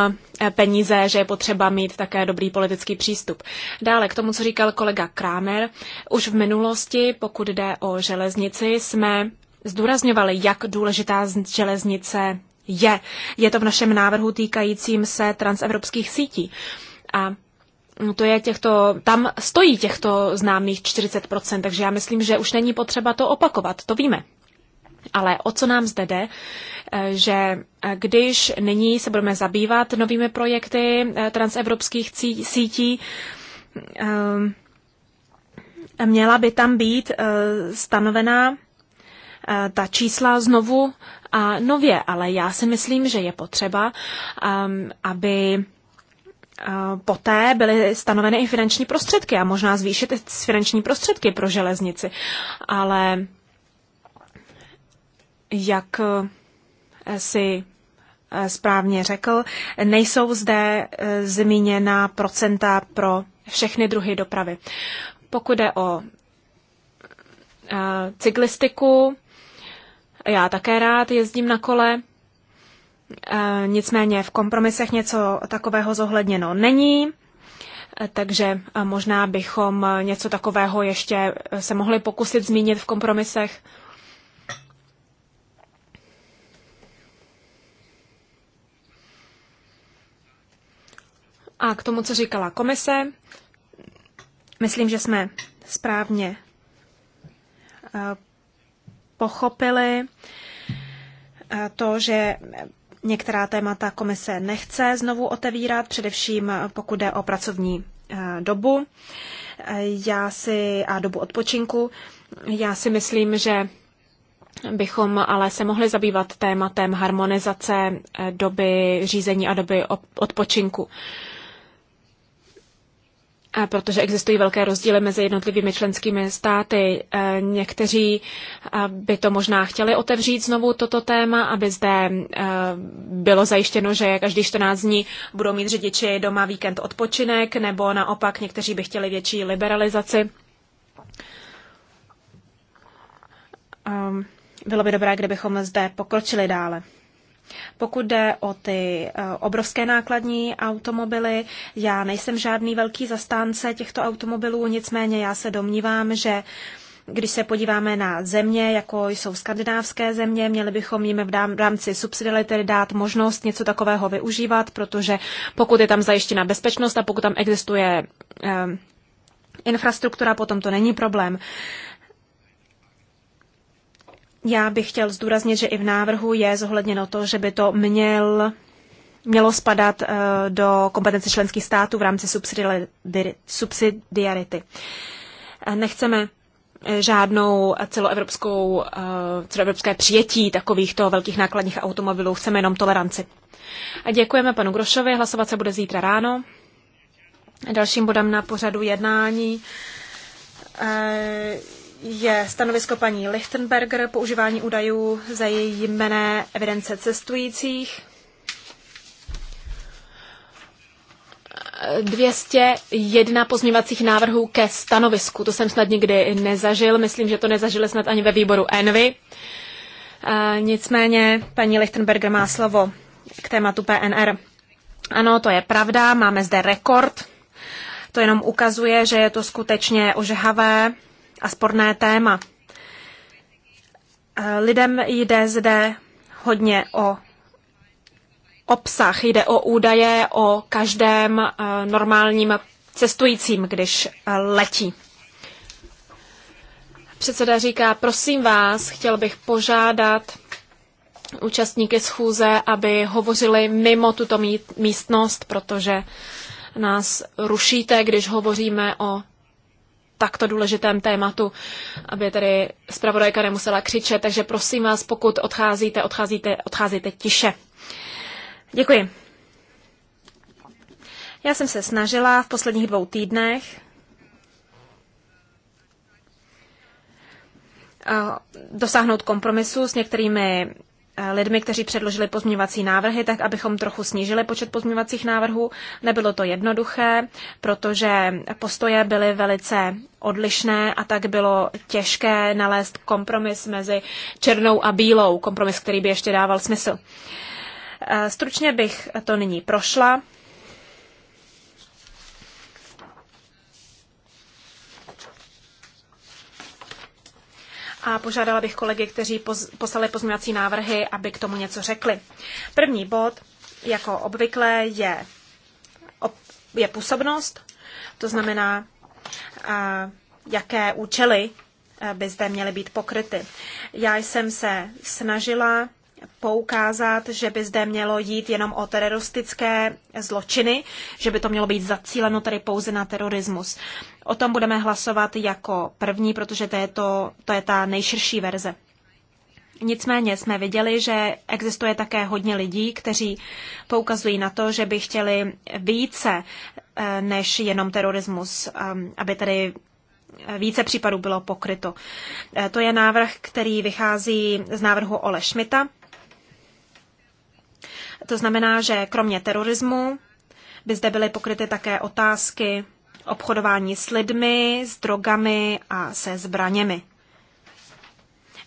peníze, že je potřeba mít také dobrý politický přístup. Dále k tomu, co říkal kolega Kramer, už v minulosti, pokud jde o železnici, jsme zdůrazňovali, jak důležitá železnice je. Je to v našem návrhu týkajícím se transevropských sítí. A no, to je těchto, tam stojí těchto známých 40%, takže já myslím, že už není potřeba to opakovat, to víme. Ale o co nám zde jde, e, že e, když nyní se budeme zabývat novými projekty e, transevropských sítí, měla by tam být stanovená Eh, ta čísla znovu a nově, ale já si myslím, že je potřeba, ehm, aby eh, poté byly stanoveny i finanční prostředky a možná zvýšit i finanční prostředky pro železnici. Ale jak eh, si správně řekl, nejsou zde zmíněna procenta pro všechny druhy dopravy. Pokud jde o cyklistiku, já také rád jezdím na kole, e, nicméně v kompromisech něco takového zohledněno není, e, takže e, možná bychom něco takového ještě se mohli pokusit zmínit v kompromisech. A k tomu, co říkala komise, myslím, že jsme správně pochopili eh, to, že některá témata komise nechce znovu otevírat, především eh, pokud jde o pracovní eh, dobu já si, a dobu odpočinku. Já si myslím, že bychom ale se mohli zabývat tématem harmonizace doby řízení a doby odpočinku protože existují velké rozdíly mezi jednotlivými členskými státy. Eh, někteří eh, by to možná chtěli otevřít znovu toto téma, aby zde eh, bylo zajištěno, že každý 14 dní budou mít řidiči doma víkend odpočinek, nebo naopak někteří by chtěli větší liberalizaci. Ehm, bylo by dobré, kdybychom zde pokročili dále. Pokud jde o ty eh, obrovské nákladní automobily, já nejsem žádný velký zastánce těchto automobilů, nicméně já se domnívám, že když se podíváme na země, jako jsou skandinávské země, měli bychom jim v rámci subsidiality dát možnost něco takového využívat, protože pokud je tam zajištěna bezpečnost a pokud tam existuje eh, infrastruktura, potom to není problém. Eh, já bych chtěl zdůraznit, že i v návrhu je zohledněno to, že by to měl, mělo spadat eh, do kompetence členských států v rámci subsidiarity. Eh, nechceme eh, žádnou celoevropskou, celoevropské přijetí takovýchto velkých nákladních automobilů. Chceme jenom toleranci. A děkujeme panu Grošovi. Hlasovat se bude zítra ráno. Dalším bodem na pořadu jednání je stanovisko paní Lichtenberger, používání údajů za její jmené evidence cestujících. 201 pozměvacích návrhů ke stanovisku. To jsem snad nikdy nezažil. Myslím, že to nezažili snad ani ve výboru Envy. E, nicméně paní Lichtenberger má slovo k tématu PNR. Ano, to je pravda, máme zde rekord. To jenom ukazuje, že je to skutečně ožehavé a sporné téma. Eh, lidem jde zde hodně o obsah, jde o údaje o každém eh, normálním cestujícím, když eh, letí. Předseda říká, prosím vás, chtěl bych požádat účastníky schůze, aby hovořili mimo tuto místnost, protože nás rušíte, když hovoříme o takto důležitém tématu, aby tedy zpravodajka nemusela křičet. Takže prosím vás, pokud odcházíte, odcházíte, odcházíte tiše. Děkuji. Já jsem se snažila v posledních dvou týdnech eh, dosáhnout kompromisu s některými lidmi, kteří předložili pozměňovací návrhy, tak abychom trochu snížili počet pozměňovacích návrhů. Nebylo to jednoduché, protože postoje byly velice odlišné a tak bylo těžké nalézt kompromis mezi černou a bílou, kompromis, který by ještě dával smysl. Eh, stručně bych to nyní prošla. a požádala bych kolegy, kteří poz, poslali pozměňovací návrhy, aby k tomu něco řekli. První bod, jako obvykle, je, je působnost, to znamená, a, jaké účely by zde měly být pokryty. Já jsem se snažila poukázat, že by zde mělo jít jenom o teroristické zločiny, že by to mělo být zacíleno tedy pouze na terorismus. O tom budeme hlasovat jako první, protože to je, to, to je ta nejširší verze. Nicméně jsme viděli, že existuje také hodně lidí, kteří poukazují na to, že by chtěli více eh, než jenom terorismus, eh, aby tedy více případů bylo pokryto. Eh, to je návrh, který vychází z návrhu Ole Schmidta to znamená, že kromě terorismu by zde byly pokryty také otázky obchodování s lidmi, s drogami a se zbraněmi.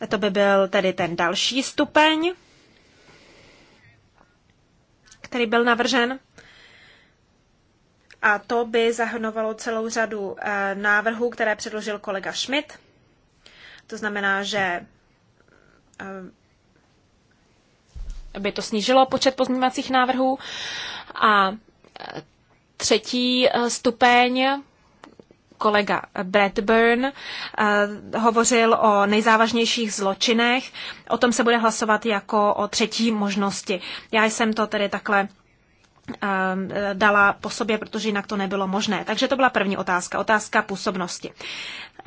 To by byl tedy ten další stupeň, který byl navržen. A to by zahrnovalo celou řadu eh, návrhů, které předložil kolega Schmidt. To znamená, že eh, by to snížilo počet pozměňovacích návrhů. A třetí eh, stupeň kolega Bradburn eh, hovořil o nejzávažnějších zločinech. O tom se bude hlasovat jako o třetí možnosti. Já jsem to tedy takhle eh, dala po sobě, protože jinak to nebylo možné. Takže to byla první otázka, otázka působnosti.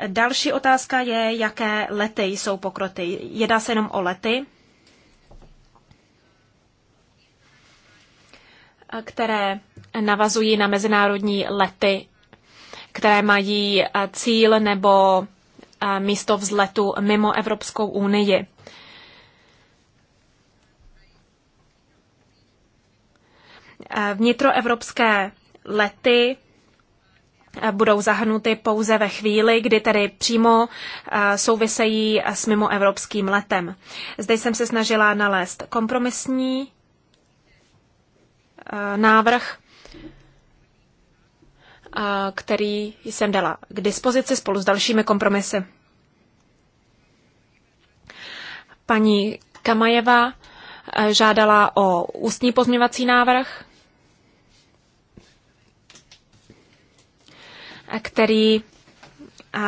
Další otázka je, jaké lety jsou pokroty. Jedná se jenom o lety, které navazují na mezinárodní lety, které mají eh, cíl nebo eh, místo vzletu mimo Evropskou unii. Eh, vnitroevropské lety budou zahrnuty pouze ve chvíli, kdy tedy přímo souvisejí s mimoevropským letem. Zde jsem se snažila nalézt kompromisní Eh, návrh, eh, který jsem dala k dispozici spolu s dalšími kompromisy. Paní Kamajeva eh, žádala o ústní pozměvací návrh, který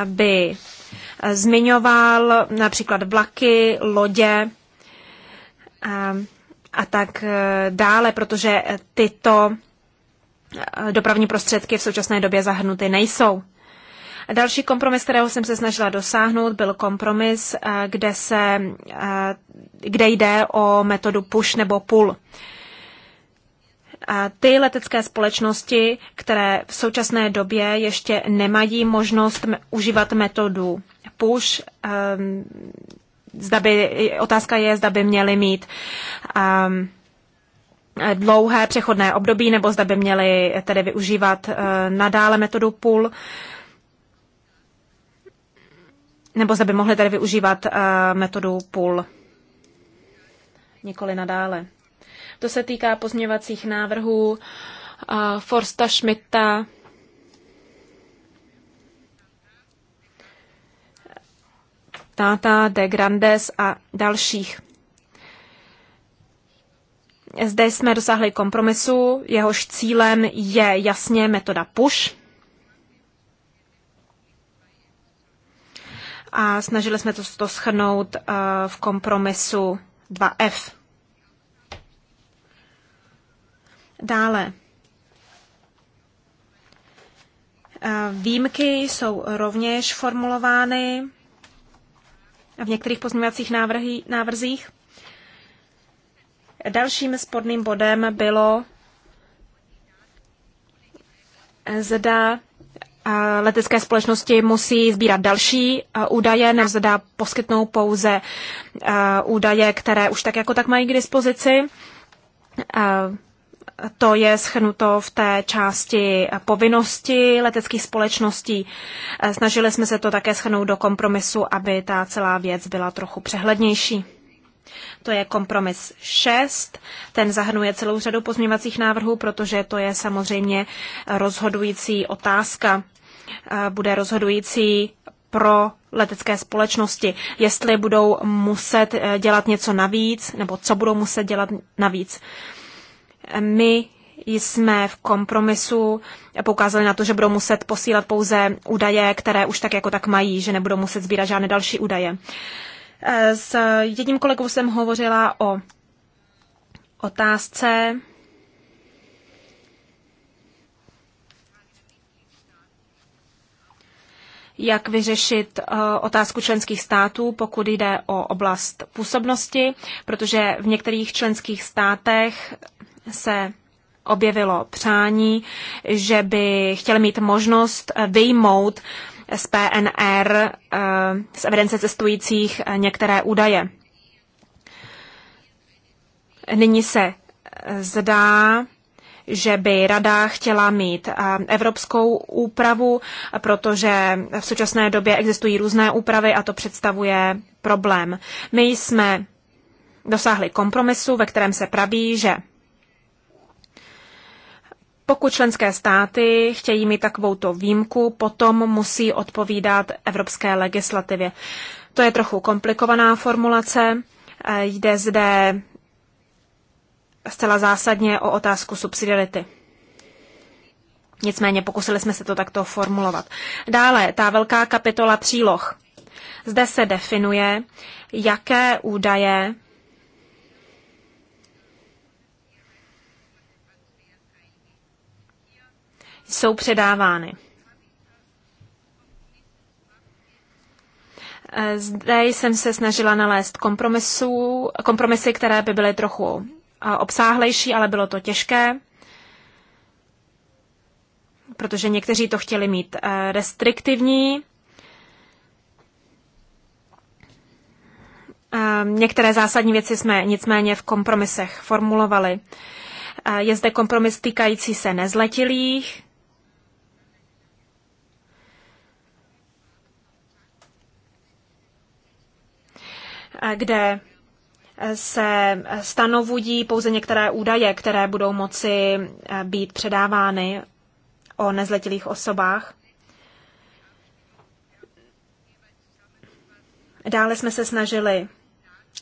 by zmiňoval například vlaky, lodě, a tak eh, dále, protože eh, tyto eh, dopravní prostředky v současné době zahrnuty nejsou. Další kompromis, kterého jsem se snažila dosáhnout, byl kompromis, kde, se, kde jde o metodu push nebo pull. A ty letecké společnosti, které v současné době ještě nemají možnost užívat metodu push, ehm, zda by, otázka je, zda by měli mít um, dlouhé přechodné období, nebo zda by měli tedy využívat uh, nadále metodu PUL, nebo zda by mohli tedy využívat uh, metodu PUL nikoli nadále. To se týká pozměvacích návrhů uh, Forsta Schmidta, Tata, de Grandes a dalších. Zde jsme dosáhli kompromisu, jehož cílem je jasně metoda push. A snažili jsme to, to schrnout eh, v kompromisu 2F. Dále. Eh, výjimky jsou rovněž formulovány v některých pozměňovacích návrhy, návrzích. Dalším sporným bodem bylo, zda letecké společnosti musí sbírat další údaje, nebo zda poskytnou pouze údaje, které už tak jako tak mají k dispozici to je schrnuto v té části povinnosti leteckých společností. Snažili jsme se to také schrnout do kompromisu, aby ta celá věc byla trochu přehlednější. To je kompromis 6, ten zahrnuje celou řadu pozměňovacích návrhů, protože to je samozřejmě rozhodující otázka. Bude rozhodující pro letecké společnosti, jestli budou muset dělat něco navíc, nebo co budou muset dělat navíc. My jsme v kompromisu poukázali na to, že budou muset posílat pouze údaje, které už tak jako tak mají, že nebudou muset sbírat žádné další údaje. Eh, s jedním kolegou jsem hovořila o otázce, jak vyřešit eh, otázku členských států, pokud jde o oblast působnosti, protože v některých členských státech se objevilo přání, že by chtěli mít možnost vyjmout z PNR, eh, z evidence cestujících, eh, některé údaje. Nyní se eh, zdá, že by rada chtěla mít evropskou úpravu, protože v současné době existují různé úpravy a to představuje problém. My jsme dosáhli kompromisu, ve kterém se praví, že pokud členské státy chtějí mít takovouto výjimku, potom musí odpovídat evropské legislativě. To je trochu komplikovaná formulace. Eh, jde zde zcela zásadně o otázku subsidiarity. Nicméně pokusili jsme se to takto formulovat. Dále ta velká kapitola příloh. Zde se definuje, jaké údaje jsou předávány. Eh, zde jsem se snažila nalézt kompromisy, které by byly trochu eh, obsáhlejší, ale bylo to těžké, protože někteří to chtěli mít eh, restriktivní. Některé zásadní věci jsme nicméně v kompromisech formulovali. Je zde kompromis týkající se nezletilých, Eh, kde eh, se stanovují pouze některé údaje, které budou moci eh, být předávány o nezletilých osobách. Dále jsme se snažili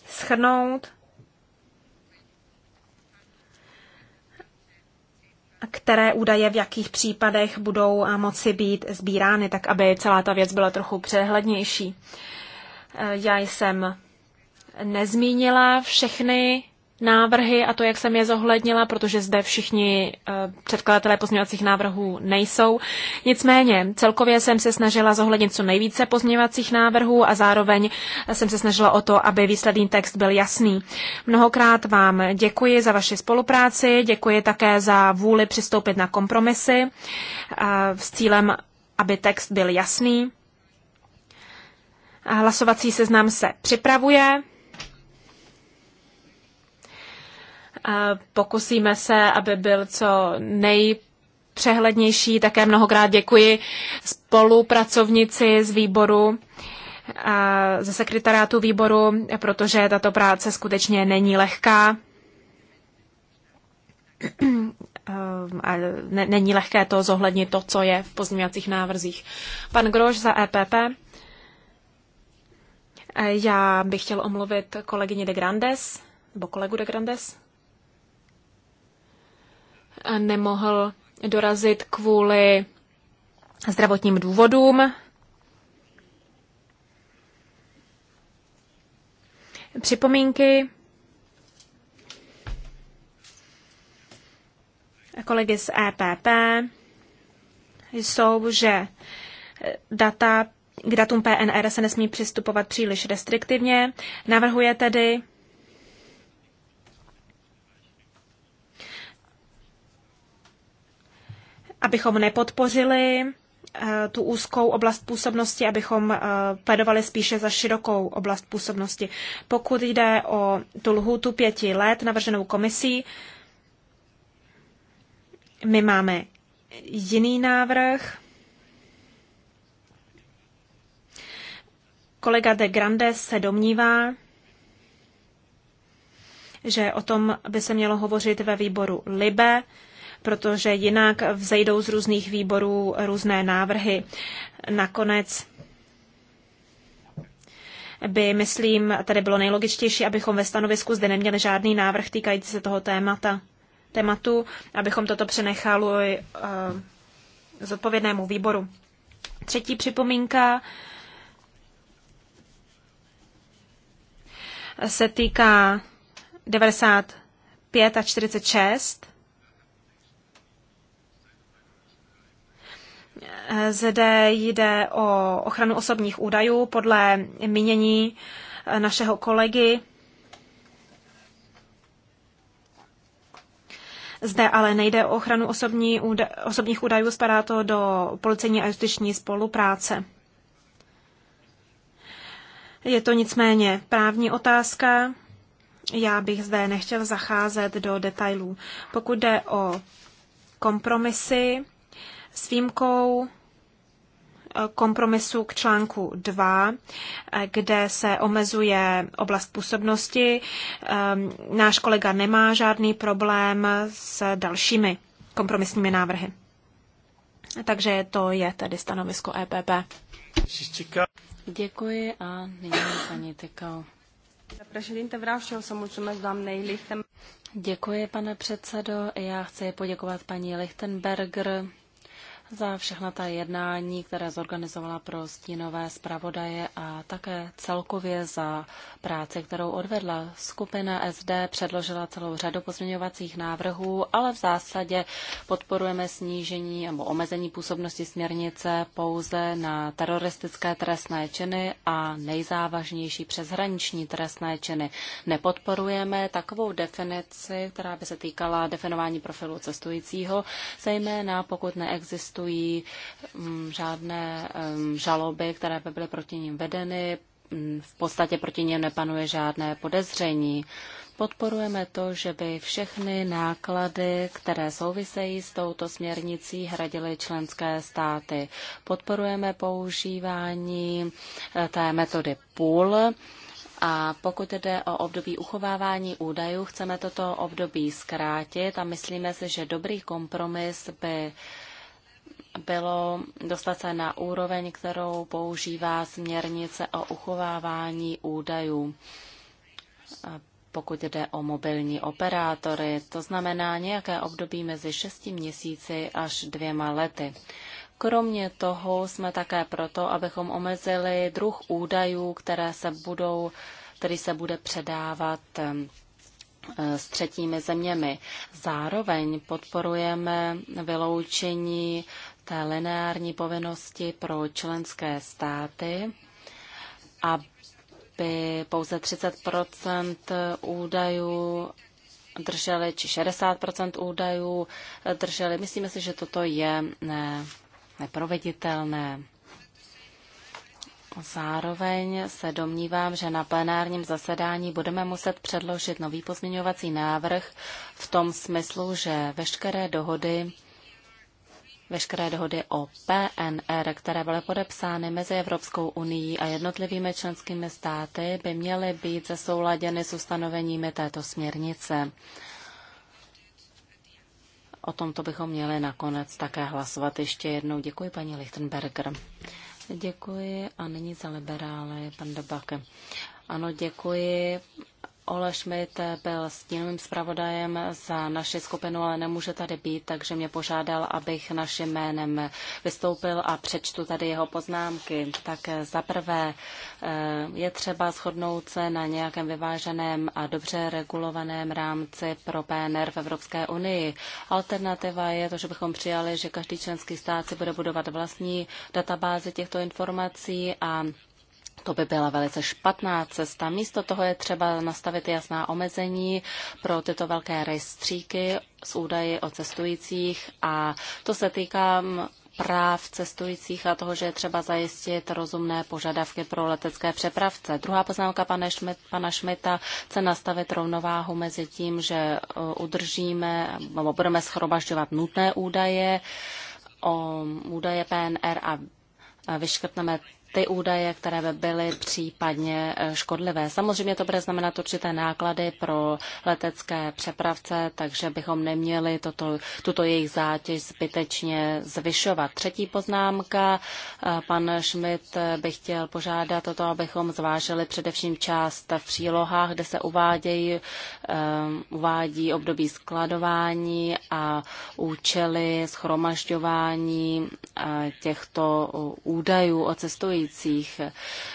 schrnout, které údaje v jakých případech budou moci být sbírány, tak aby celá ta věc byla trochu přehlednější. Já jsem nezmínila všechny návrhy a to, jak jsem je zohlednila, protože zde všichni eh, předkladatelé pozměňovacích návrhů nejsou. Nicméně celkově jsem se snažila zohlednit co nejvíce pozměňovacích návrhů a zároveň jsem se snažila o to, aby výsledný text byl jasný. Mnohokrát vám děkuji za vaši spolupráci, děkuji také za vůli přistoupit na kompromisy eh, s cílem, aby text byl jasný. Hlasovací seznam se připravuje. Pokusíme se, aby byl co nej přehlednější. Také mnohokrát děkuji spolupracovnici z výboru, ze sekretariátu výboru, protože tato práce skutečně není lehká. Ehm, a není lehké to zohlednit to, co je v pozměňovacích návrzích. Pan Groš za EPP. Já bych chtěl omluvit kolegyni de Grandes, nebo kolegu de Grandes nemohl dorazit kvůli zdravotním důvodům. Připomínky kolegy z EPP jsou, že data k datům PNR se nesmí přistupovat příliš restriktivně. Navrhuje tedy abychom nepodpořili eh, tu úzkou oblast působnosti, abychom eh, pedovali spíše za širokou oblast působnosti. Pokud jde o tu lhůtu pěti let navrženou komisí, my máme jiný návrh. Kolega de Grande se domnívá, že o tom by se mělo hovořit ve výboru LIBE protože jinak vzejdou z různých výborů různé návrhy. Nakonec by, myslím, tady bylo nejlogičtější, abychom ve stanovisku zde neměli žádný návrh týkající se toho témata, tématu, abychom toto přenechali uh, zodpovědnému výboru. Třetí připomínka se týká 95 a 46. Zde jde o ochranu osobních údajů podle mínění eh, našeho kolegy. Zde ale nejde o ochranu osobní úda- osobních údajů, spadá to do policejní a justiční spolupráce. Je to nicméně právní otázka. Já bych zde nechtěl zacházet do detailů. Pokud jde o kompromisy s výjimkou kompromisu k článku 2, kde se omezuje oblast působnosti. Ehm, náš kolega nemá žádný problém s dalšími kompromisními návrhy. Takže to je tedy stanovisko EPP. Děkuji a nyní paní Tykal. Děkuji, pane předsedo. Já chci poděkovat paní Lichtenberger za všechna ta jednání, které zorganizovala pro stínové zpravodaje a také celkově za práci, kterou odvedla. Skupina SD předložila celou řadu pozměňovacích návrhů, ale v zásadě podporujeme snížení nebo omezení působnosti směrnice pouze na teroristické trestné činy a nejzávažnější přeshraniční trestné činy. Nepodporujeme takovou definici, která by se týkala definování profilu cestujícího, zejména pokud neexistuje neexistují mm, žádné mm, žaloby, které by byly proti ním vedeny. Mm, v podstatě proti ním nepanuje žádné podezření. Podporujeme to, že by všechny náklady, které souvisejí s touto směrnicí, hradily členské státy. Podporujeme používání eh, té metody PUL. A pokud jde o období uchovávání údajů, chceme toto období zkrátit a myslíme si, že dobrý kompromis by bylo dostat se na úroveň, kterou používá směrnice o uchovávání údajů, pokud jde o mobilní operátory. To znamená nějaké období mezi 6 měsíci až dvěma lety. Kromě toho jsme také proto, abychom omezili druh údajů, které se budou, který se bude předávat s třetími zeměmi. Zároveň podporujeme vyloučení té lineární povinnosti pro členské státy, aby pouze 30 údajů drželi, či 60 údajů drželi. Myslíme si, že toto je ne, neproveditelné. Zároveň se domnívám, že na plenárním zasedání budeme muset předložit nový pozměňovací návrh v tom smyslu, že veškeré dohody veškeré dohody o PNR, které byly podepsány mezi Evropskou unii a jednotlivými členskými státy, by měly být zesouladěny s ustanoveními této směrnice. O tomto bychom měli nakonec také hlasovat ještě jednou. Děkuji, paní Lichtenberger. Děkuji a nyní za liberály, pan Debake. Ano, děkuji. Ole Schmidt byl stínovým zpravodajem za naši skupinu, ale nemůže tady být, takže mě požádal, abych naším jménem vystoupil a přečtu tady jeho poznámky. Tak eh, za prvé eh, je třeba shodnout se na nějakém vyváženém a dobře regulovaném rámci pro PNR v Evropské unii. Alternativa je to, že bychom přijali, že každý členský stát si bude budovat vlastní databázi těchto informací a to by byla velice špatná cesta. Místo toho je třeba nastavit jasná omezení pro tyto velké rejstříky s údaji o cestujících a to se týká práv cestujících a toho, že je třeba zajistit rozumné požadavky pro letecké přepravce. Druhá poznámka pane Šmit, pana Šmita chce nastavit rovnováhu mezi tím, že eh, udržíme nebo budeme schromažďovat nutné údaje, o údaje PNR a vyškrtneme ty údaje, které by byly případně eh, škodlivé. Samozřejmě to bude znamenat určité náklady pro letecké přepravce, takže bychom neměli toto, tuto jejich zátěž zbytečně zvyšovat. Třetí poznámka, eh, pan Schmidt eh, by chtěl požádat o to, abychom zvážili především část v přílohách, kde se uvádějí, ehm, uvádí období skladování a účely schromažďování těchto údajů o cestujících cestujících.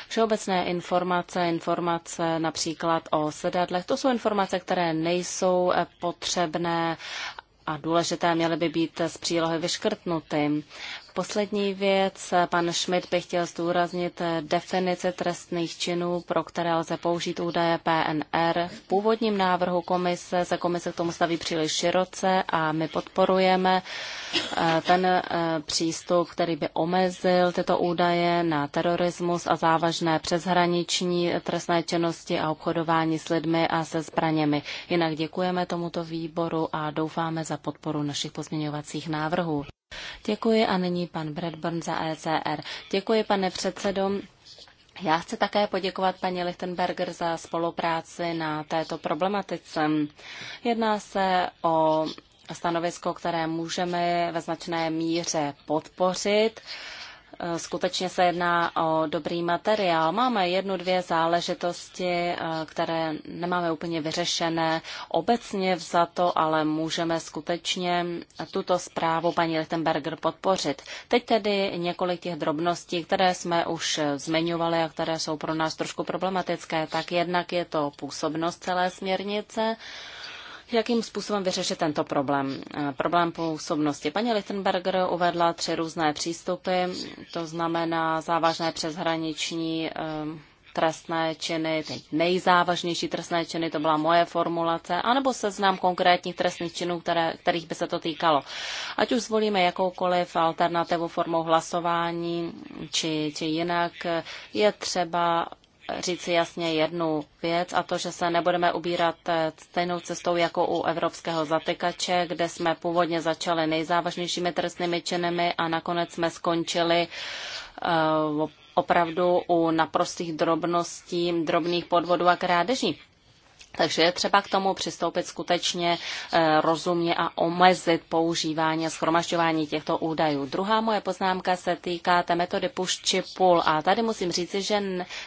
Všeobecné informace, informace například o sedadlech, to jsou informace, které nejsou potřebné a důležité měly by být z přílohy vyškrtnuty. Poslední věc, pan Schmidt by chtěl zdůraznit definice trestných činů, pro které lze použít údaje PNR. V původním návrhu komise se komise k tomu staví příliš široce a my podporujeme eh, ten eh, přístup, který by omezil tyto údaje na terorismus a závažné přeshraniční trestné činnosti a obchodování s lidmi a se zbraněmi. Jinak děkujeme tomuto výboru a doufáme za podporu našich pozměňovacích návrhů. Děkuji a nyní pan Bradburn za ECR. Děkuji, pane předsedo. Já chci také poděkovat paní Lichtenberger za spolupráci na této problematice. Jedná se o stanovisko, které můžeme ve značné míře podpořit. Eh, skutečně se jedná o dobrý materiál. Máme jednu, dvě záležitosti, eh, které nemáme úplně vyřešené obecně vzato, ale můžeme skutečně tuto zprávu paní Lichtenberger podpořit. Teď tedy několik těch drobností, které jsme už zmiňovali a které jsou pro nás trošku problematické. Tak jednak je to působnost celé směrnice jakým způsobem vyřešit tento problém. Eh, problém působnosti. Paní Lichtenberger uvedla tři různé přístupy, to znamená závažné přeshraniční eh, trestné činy, ty nejzávažnější trestné činy, to byla moje formulace, anebo seznam konkrétních trestných činů, které, kterých by se to týkalo. Ať už zvolíme jakoukoliv alternativu formou hlasování či, či jinak, eh, je třeba říci jasně jednu věc a to, že se nebudeme ubírat eh, stejnou cestou jako u evropského zatykače, kde jsme původně začali nejzávažnějšími trestnými činami a nakonec jsme skončili eh, opravdu u naprostých drobností, drobných podvodů a krádeží. Takže je třeba k tomu přistoupit skutečně eh, rozumně a omezit používání a schromažďování těchto údajů. Druhá moje poznámka se týká té metody push či pull. A tady musím říci, že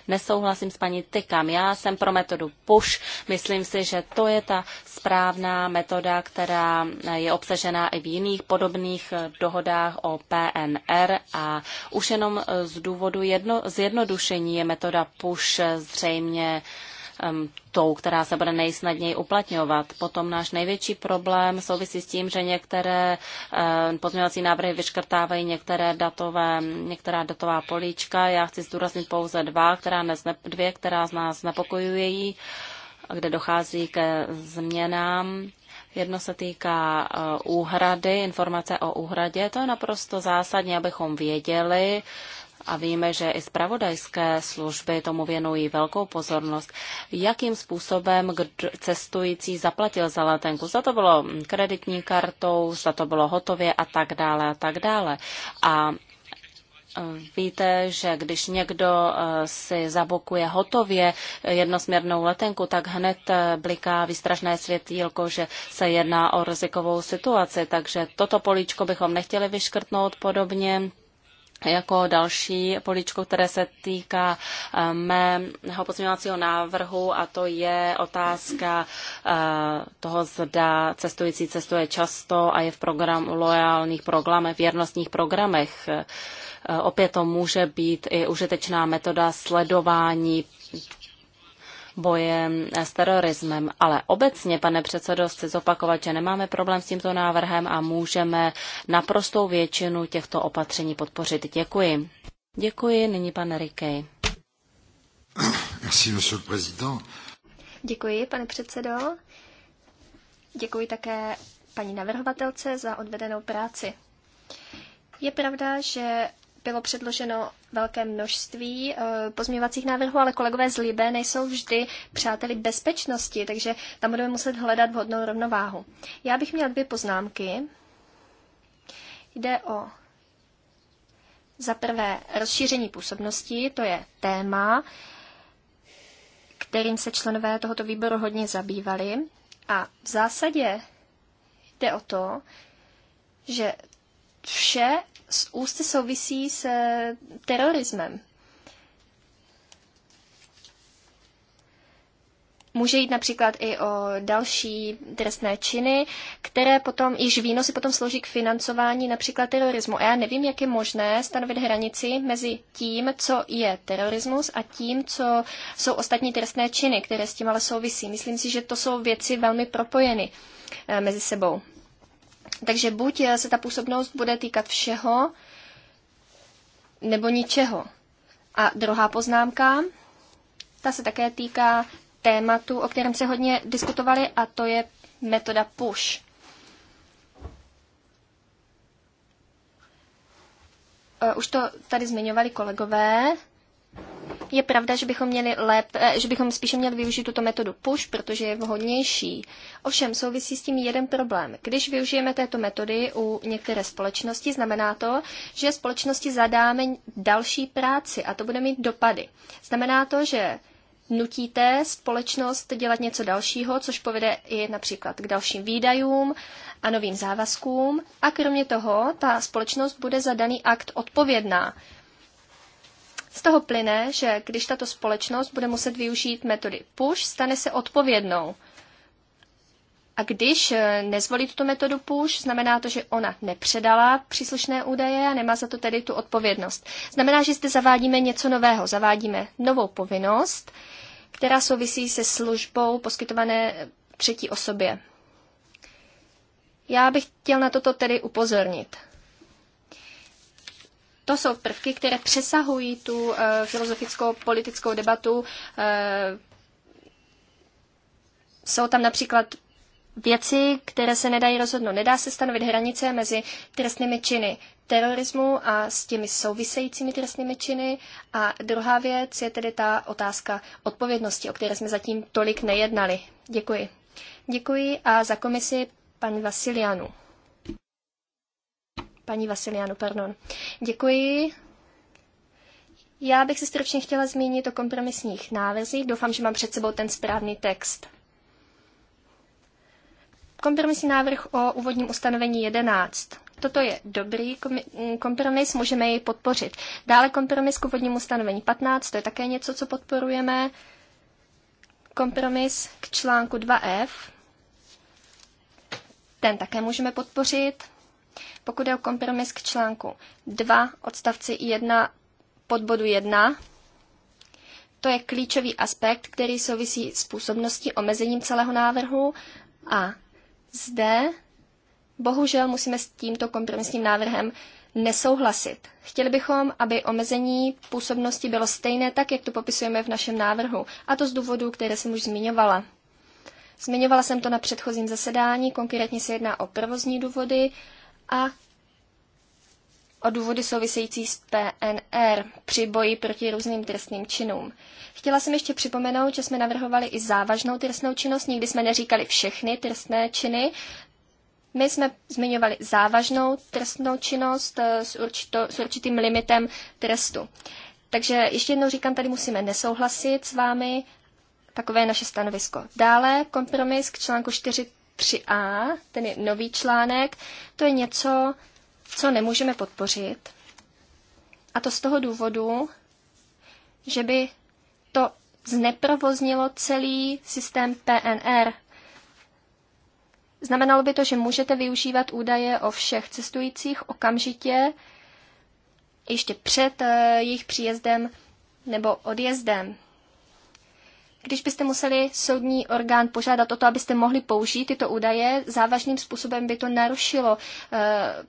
nesouhlasím s paní Tykam. Já jsem pro metodu push. Myslím si, že to je ta správná metoda, která eh, je obsažená i v jiných podobných eh, dohodách o PNR. A už jenom z důvodu jedno, zjednodušení je metoda push zřejmě tou, která se bude nejsnadněji uplatňovat. Potom náš největší problém souvisí s tím, že některé pozměňovací návrhy vyškrtávají některé datové, některá datová políčka. Já chci zdůraznit pouze dva, která nezne, dvě, která z nás nepokojují, kde dochází ke změnám. Jedno se týká eh, úhrady, informace o úhradě. To je naprosto zásadní, abychom věděli, a víme, že i zpravodajské služby tomu věnují velkou pozornost, jakým způsobem cestující zaplatil za letenku. Za to bylo kreditní kartou, za to bylo hotově a tak dále a tak dále. A e, Víte, že když někdo e, si zabokuje hotově jednosměrnou letenku, tak hned e, bliká výstražné světílko, že se jedná o rizikovou situaci. Takže toto políčko bychom nechtěli vyškrtnout podobně jako další políčko, které se týká eh, mého pozměňovacího návrhu a to je otázka eh, toho, zda cestující cestuje často a je v program, loajálních programech, věrnostních programech. Eh, opět to může být i užitečná metoda sledování boje s terorismem. Ale obecně, pane předsedo, chci zopakovat, že nemáme problém s tímto návrhem a můžeme naprostou většinu těchto opatření podpořit. Děkuji. Děkuji, nyní pan Rikej. Merci, monsieur le président. Děkuji, pane předsedo. Děkuji také paní navrhovatelce za odvedenou práci. Je pravda, že bylo předloženo velké množství eh, pozměňovacích návrhů, ale kolegové z Libé nejsou vždy přáteli bezpečnosti, takže tam budeme muset hledat vhodnou rovnováhu. Já bych měla dvě poznámky. Jde o za prvé rozšíření působnosti, to je téma, kterým se členové tohoto výboru hodně zabývali. A v zásadě jde o to, že vše s úzce souvisí s eh, terorismem. Může jít například i o další trestné činy, které potom, již výnosy potom slouží k financování například terorismu. A já nevím, jak je možné stanovit hranici mezi tím, co je terorismus a tím, co jsou ostatní trestné činy, které s tím ale souvisí. Myslím si, že to jsou věci velmi propojeny eh, mezi sebou. Takže buď se ta působnost bude týkat všeho, nebo ničeho. A druhá poznámka, ta se také týká tématu, o kterém se hodně diskutovali, a to je metoda push. Eh, už to tady zmiňovali kolegové, je pravda, že bychom, měli lép, eh, že bychom spíše měli využít tuto metodu push, protože je vhodnější. Ovšem souvisí s tím jeden problém. Když využijeme této metody u některé společnosti, znamená to, že společnosti zadáme další práci a to bude mít dopady. Znamená to, že nutíte společnost dělat něco dalšího, což povede i například k dalším výdajům a novým závazkům. A kromě toho ta společnost bude za daný akt odpovědná. Z toho plyne, že když tato společnost bude muset využít metody push, stane se odpovědnou. A když eh, nezvolí tuto metodu push, znamená to, že ona nepředala příslušné údaje a nemá za to tedy tu odpovědnost. Znamená, že zde zavádíme něco nového. Zavádíme novou povinnost, která souvisí se službou poskytované třetí osobě. Já bych chtěl na toto tedy upozornit. To jsou prvky, které přesahují tu eh, filozofickou politickou debatu. Eh, jsou tam například věci, které se nedají rozhodnout. Nedá se stanovit hranice mezi trestnými činy terorismu a s těmi souvisejícími trestnými činy. A druhá věc je tedy ta otázka odpovědnosti, o které jsme zatím tolik nejednali. Děkuji. Děkuji a za komisi paní Vasilianu paní Vasilianu, pardon. Děkuji. Já bych se stručně chtěla zmínit o kompromisních návrzích. Doufám, že mám před sebou ten správný text. Kompromisní návrh o úvodním ustanovení 11. Toto je dobrý kompromis, můžeme jej podpořit. Dále kompromis k úvodnímu ustanovení 15, to je také něco, co podporujeme. Kompromis k článku 2f, ten také můžeme podpořit. Pokud je o kompromis k článku 2 odstavci 1 pod bodu 1, to je klíčový aspekt, který souvisí s působností omezením celého návrhu a zde bohužel musíme s tímto kompromisním návrhem nesouhlasit. Chtěli bychom, aby omezení působnosti bylo stejné tak, jak to popisujeme v našem návrhu, a to z důvodů, které jsem už zmiňovala. Zmiňovala jsem to na předchozím zasedání, konkrétně se jedná o provozní důvody a o důvody související s PNR při boji proti různým trestným činům. Chtěla jsem ještě připomenout, že jsme navrhovali i závažnou trestnou činnost, nikdy jsme neříkali všechny trestné činy. My jsme zmiňovali závažnou trestnou činnost eh, s, určito, s určitým limitem trestu. Takže ještě jednou říkám, tady musíme nesouhlasit s vámi, takové je naše stanovisko. Dále kompromis k článku 4 3a, ten je nový článek, to je něco, co nemůžeme podpořit. A to z toho důvodu, že by to zneprovoznilo celý systém PNR. Znamenalo by to, že můžete využívat údaje o všech cestujících okamžitě, ještě před eh, jejich příjezdem nebo odjezdem. Když byste museli soudní orgán požádat o to, abyste mohli použít tyto údaje, závažným způsobem by to narušilo eh,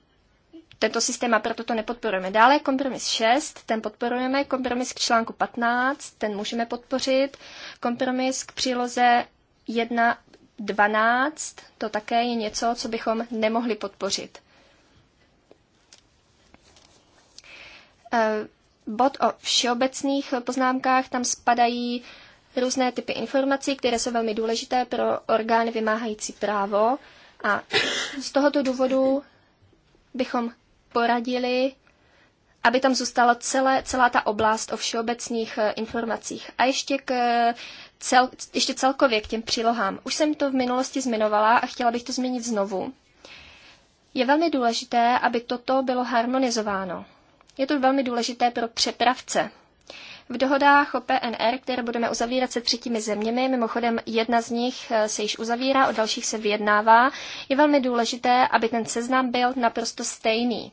tento systém a proto to nepodporujeme. Dále kompromis 6, ten podporujeme, kompromis k článku 15, ten můžeme podpořit, kompromis k příloze 1, 12, to také je něco, co bychom nemohli podpořit. Eh, bod o všeobecných poznámkách, tam spadají různé typy informací, které jsou velmi důležité pro orgány vymáhající právo. A z tohoto důvodu bychom poradili, aby tam zůstala celé, celá ta oblast o všeobecných eh, informacích. A ještě, k eh, cel, ještě celkově k těm přílohám. Už jsem to v minulosti zmiňovala a chtěla bych to změnit znovu. Je velmi důležité, aby toto bylo harmonizováno. Je to velmi důležité pro přepravce, v dohodách o PNR, které budeme uzavírat se třetími zeměmi, mimochodem jedna z nich eh, se již uzavírá, o dalších se vyjednává, je velmi důležité, aby ten seznam byl naprosto stejný.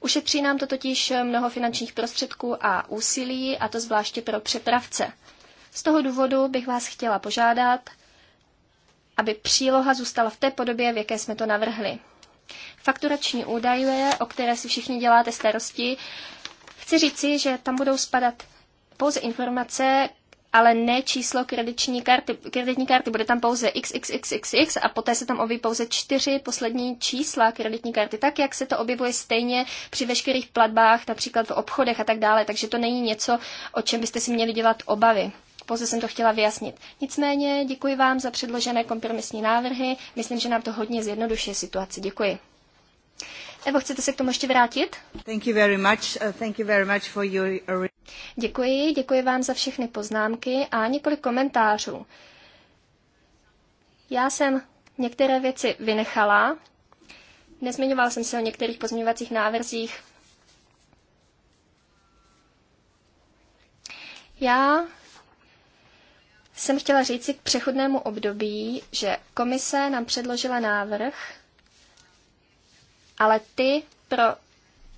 Ušetří nám to totiž mnoho finančních prostředků a úsilí, a to zvláště pro přepravce. Z toho důvodu bych vás chtěla požádat, aby příloha zůstala v té podobě, v jaké jsme to navrhli. Fakturační údaje, o které si všichni děláte starosti, chci říci, že tam budou spadat pouze informace, ale ne číslo kreditní karty. Kreditní karty bude tam pouze XXXXX a poté se tam objeví pouze čtyři poslední čísla kreditní karty, tak jak se to objevuje stejně při veškerých platbách, například v obchodech a tak dále. Takže to není něco, o čem byste si měli dělat obavy. Pouze jsem to chtěla vyjasnit. Nicméně děkuji vám za předložené kompromisní návrhy. Myslím, že nám to hodně zjednodušuje situaci. Děkuji. Evo, chcete se k tomu ještě vrátit? Thank you very much. Uh, thank you very much for your... Děkuji, děkuji vám za všechny poznámky a několik komentářů. Já jsem některé věci vynechala. Nezmiňovala jsem se o některých pozměňovacích návrzích. Já jsem chtěla říci k přechodnému období, že komise nám předložila návrh, ale ty pro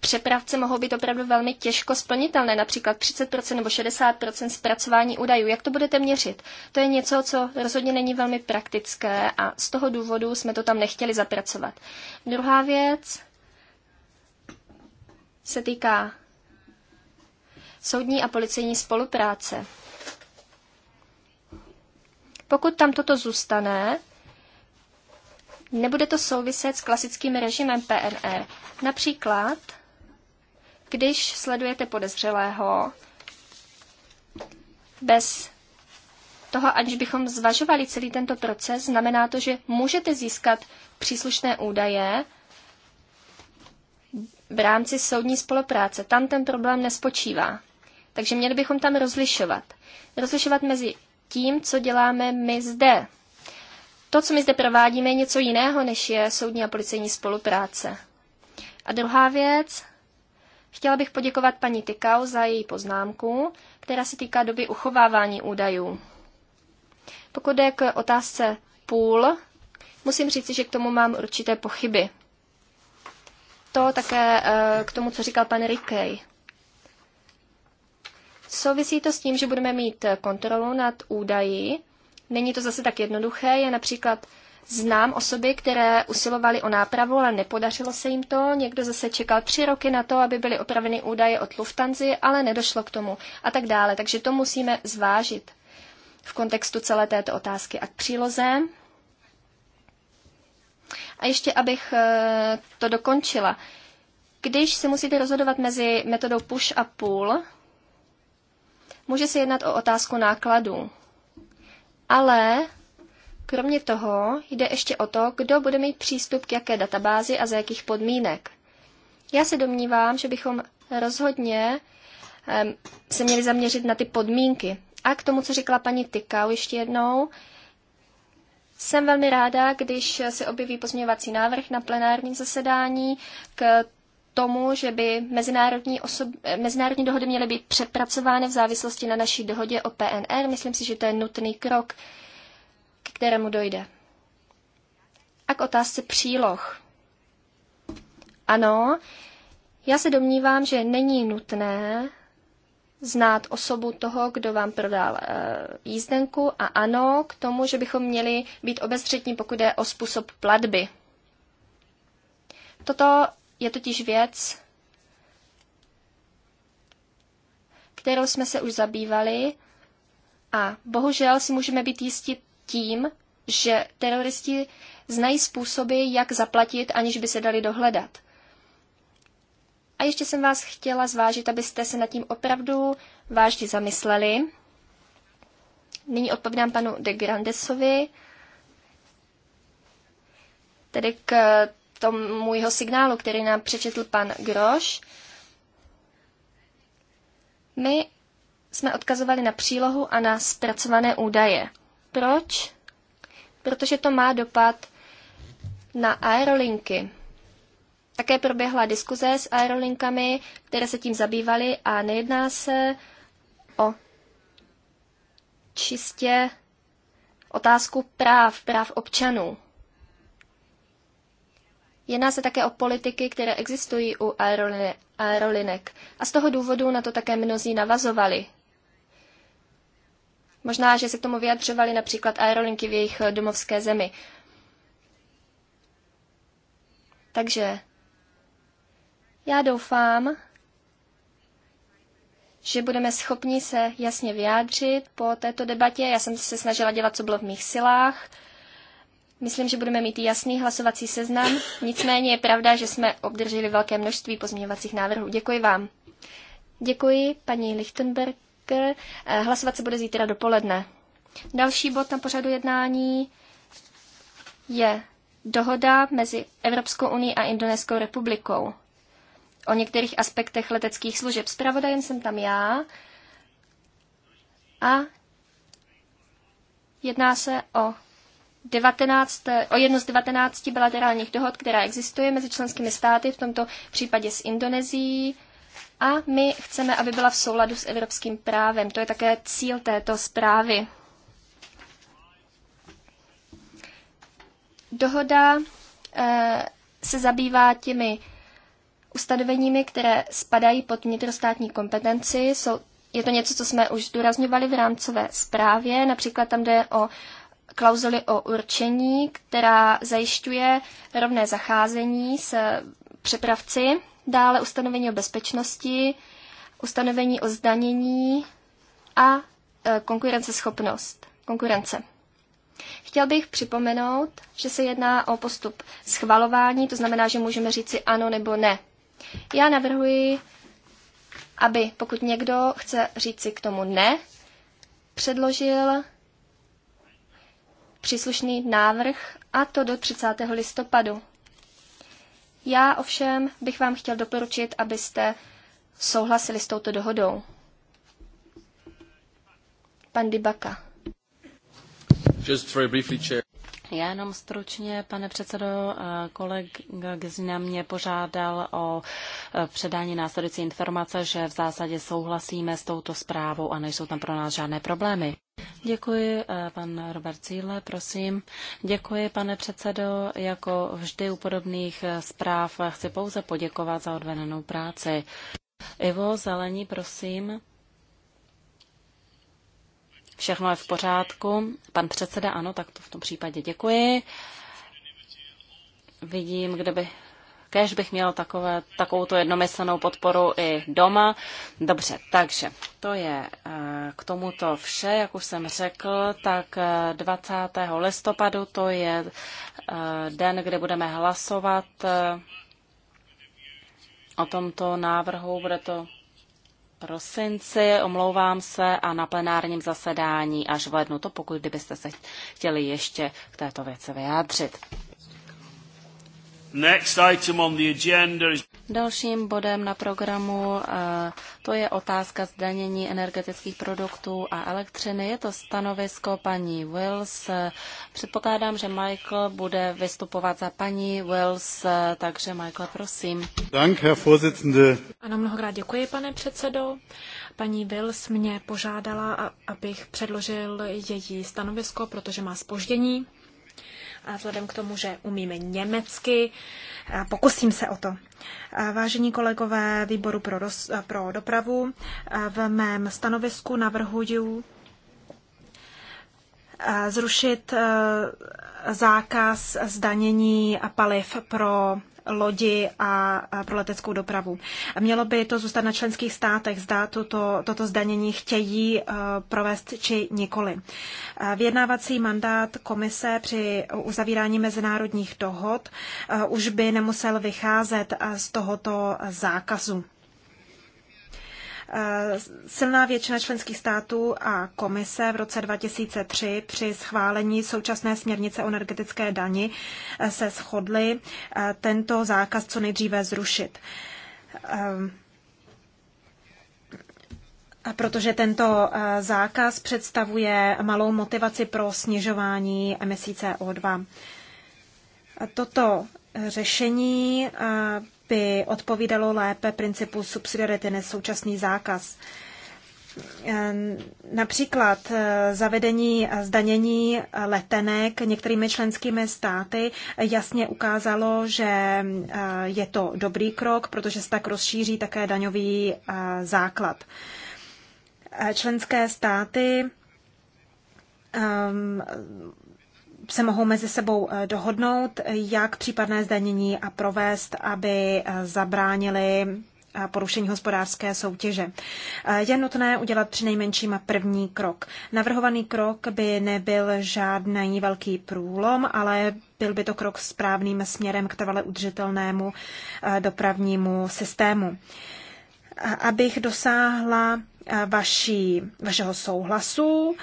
přepravce mohou být opravdu velmi těžko splnitelné, například 30% nebo 60% zpracování údajů. Jak to budete měřit? To je něco, co rozhodně není velmi praktické a z toho důvodu jsme to tam nechtěli zapracovat. Druhá věc se týká soudní a policejní spolupráce. Pokud tam toto zůstane, Nebude to souviset s klasickým režimem PNR. E. Například, když sledujete podezřelého bez toho, aniž bychom zvažovali celý tento proces, znamená to, že můžete získat příslušné údaje v rámci soudní spolupráce. Tam ten problém nespočívá. Takže měli bychom tam rozlišovat. Rozlišovat mezi tím, co děláme my zde to, co my zde provádíme, je něco jiného, než je soudní a policejní spolupráce. A druhá věc, chtěla bych poděkovat paní Tykau za její poznámku, která se týká doby uchovávání údajů. Pokud je k otázce půl, musím říci, že k tomu mám určité pochyby. To také eh, k tomu, co říkal pan Rikej. Souvisí to s tím, že budeme mít kontrolu nad údaji, Není to zase tak jednoduché, je například Znám osoby, které usilovaly o nápravu, ale nepodařilo se jim to. Někdo zase čekal tři roky na to, aby byly opraveny údaje od Lufthansa, ale nedošlo k tomu a tak dále. Takže to musíme zvážit v kontextu celé této otázky a k příloze. A ještě, abych eh, to dokončila. Když se musíte rozhodovat mezi metodou push a pull, může se jednat o otázku nákladů ale kromě toho jde ještě o to, kdo bude mít přístup k jaké databázi a za jakých podmínek. Já se domnívám, že bychom rozhodně se měli zaměřit na ty podmínky. A k tomu, co řekla paní Tykau ještě jednou, jsem velmi ráda, když se objeví pozměňovací návrh na plenárním zasedání k tomu, že by mezinárodní, osob, mezinárodní dohody měly být přepracovány v závislosti na naší dohodě o PNR. Myslím si, že to je nutný krok, k kterému dojde. A k otázce příloh. Ano, já se domnívám, že není nutné znát osobu toho, kdo vám prodal eh, jízdenku a ano, k tomu, že bychom měli být obezřetní, pokud jde o způsob platby. Toto je totiž věc, kterou jsme se už zabývali a bohužel si můžeme být jistí tím, že teroristi znají způsoby, jak zaplatit, aniž by se dali dohledat. A ještě jsem vás chtěla zvážit, abyste se nad tím opravdu vážně zamysleli. Nyní odpovídám panu de Grandesovi, tedy k tomu jeho signálu, který nám přečetl pan Groš, my jsme odkazovali na přílohu a na zpracované údaje. Proč? Protože to má dopad na aerolinky. Také proběhla diskuze s aerolinkami, které se tím zabývaly a nejedná se o čistě otázku práv, práv občanů. Jedná se také o politiky, které existují u aerolinek. A z toho důvodu na to také mnozí navazovali. Možná, že se k tomu vyjadřovali například aerolinky v jejich domovské zemi. Takže já doufám, že budeme schopni se jasně vyjádřit po této debatě. Já jsem se snažila dělat, co bylo v mých silách. Myslím, že budeme mít jasný hlasovací seznam, nicméně je pravda, že jsme obdrželi velké množství pozměňovacích návrhů. Děkuji vám. Děkuji, paní Lichtenberger. Eh, hlasovat se bude zítra dopoledne. Další bod na pořadu jednání je dohoda mezi Evropskou unii a Indonéskou republikou o některých aspektech leteckých služeb. Zpravodajem jsem tam já a jedná se o 19, o jednu z 19 bilaterálních dohod, která existuje mezi členskými státy, v tomto případě s Indonésií. A my chceme, aby byla v souladu s evropským právem. To je také cíl této zprávy. Dohoda eh, se zabývá těmi ustanoveními, které spadají pod vnitrostátní kompetenci. Jsou, je to něco, co jsme už zdůrazňovali v rámcové zprávě. Například tam jde o klauzuli o určení, která zajišťuje rovné zacházení s přepravci, dále ustanovení o bezpečnosti, ustanovení o zdanění a e, konkurenceschopnost, konkurence. Chtěl bych připomenout, že se jedná o postup schvalování, to znamená, že můžeme říci ano nebo ne. Já navrhuji, aby pokud někdo chce říci k tomu ne, předložil příslušný návrh, a to do 30. listopadu. Já ovšem bych vám chtěl doporučit, abyste souhlasili s touto dohodou. Pan Dybaka. Just very briefly, chair. Já jenom stručně, pane předsedo, kolega Gzina mě požádal o e, předání následující informace, že v zásadě souhlasíme s touto zprávou a nejsou tam pro nás žádné problémy. Děkuji, eh, pan Robert Cíle, prosím. Děkuji, pane předsedo. Jako vždy u podobných eh, zpráv chci pouze poděkovat za odvedenou práci. Ivo, zelení, prosím. Všechno je v pořádku. Pan předseda, ano, tak to v tom případě děkuji. Vidím, kde by Kež bych měl takové, takovou jednomyslenou podporu i doma. Dobře, takže to je eh, k tomuto vše, jak už jsem řekl, tak 20. Eh, listopadu to je eh, den, kde budeme hlasovat o tomto návrhu. Bude to prosinci, omlouvám se, a na plenárním zasedání až v lednu. To pokud kdybyste se chtěli ještě k této věci vyjádřit. Next item on the agenda is... Dalším bodem na programu eh, to je otázka zdanění energetických produktů a elektřiny. Je to stanovisko paní Wills. Předpokládám, že Michael bude vystupovat za paní Wills, eh, takže Michael, prosím. Dank, Herr Vorsitzende. Ano, mnohokrát děkuji, pane předsedo. Paní Wills mě požádala, abych předložil její stanovisko, protože má spoždění a vzhledem k tomu, že umíme německy, pokusím se o to. Vážení kolegové výboru pro, roz, pro dopravu, v mém stanovisku navrhuji zrušit zákaz zdanění paliv pro lodi a pro leteckou dopravu. Mělo by to zůstat na členských státech, zda toto, toto zdanění chtějí eh, provést či nikoli. Eh, vyjednávací mandát komise při uzavírání mezinárodních dohod eh, už by nemusel vycházet z tohoto zákazu. Eh, silná většina členských států a komise v roce 2003 při schválení současné směrnice o energetické dani eh, se shodly eh, tento zákaz co nejdříve zrušit protože tento zákaz představuje malou motivaci pro snižování emisí CO2. Toto řešení by odpovídalo lépe principu subsidiarity než současný zákaz. Ehm, například eh, zavedení zdanění letenek některými členskými státy jasně ukázalo, že eh, je to dobrý krok, protože se tak rozšíří také daňový eh, základ. Členské státy ehm, se mohou mezi sebou eh, dohodnout, jak případné zdanění a provést, aby eh, zabránili eh, porušení hospodářské soutěže. Je nutné udělat přinejmenším první krok. Navrhovaný krok by nebyl žádný velký průlom, ale byl by to krok správným směrem k trvale udržitelnému dopravnímu systému. Abych dosáhla vaší, vašeho souhlasu,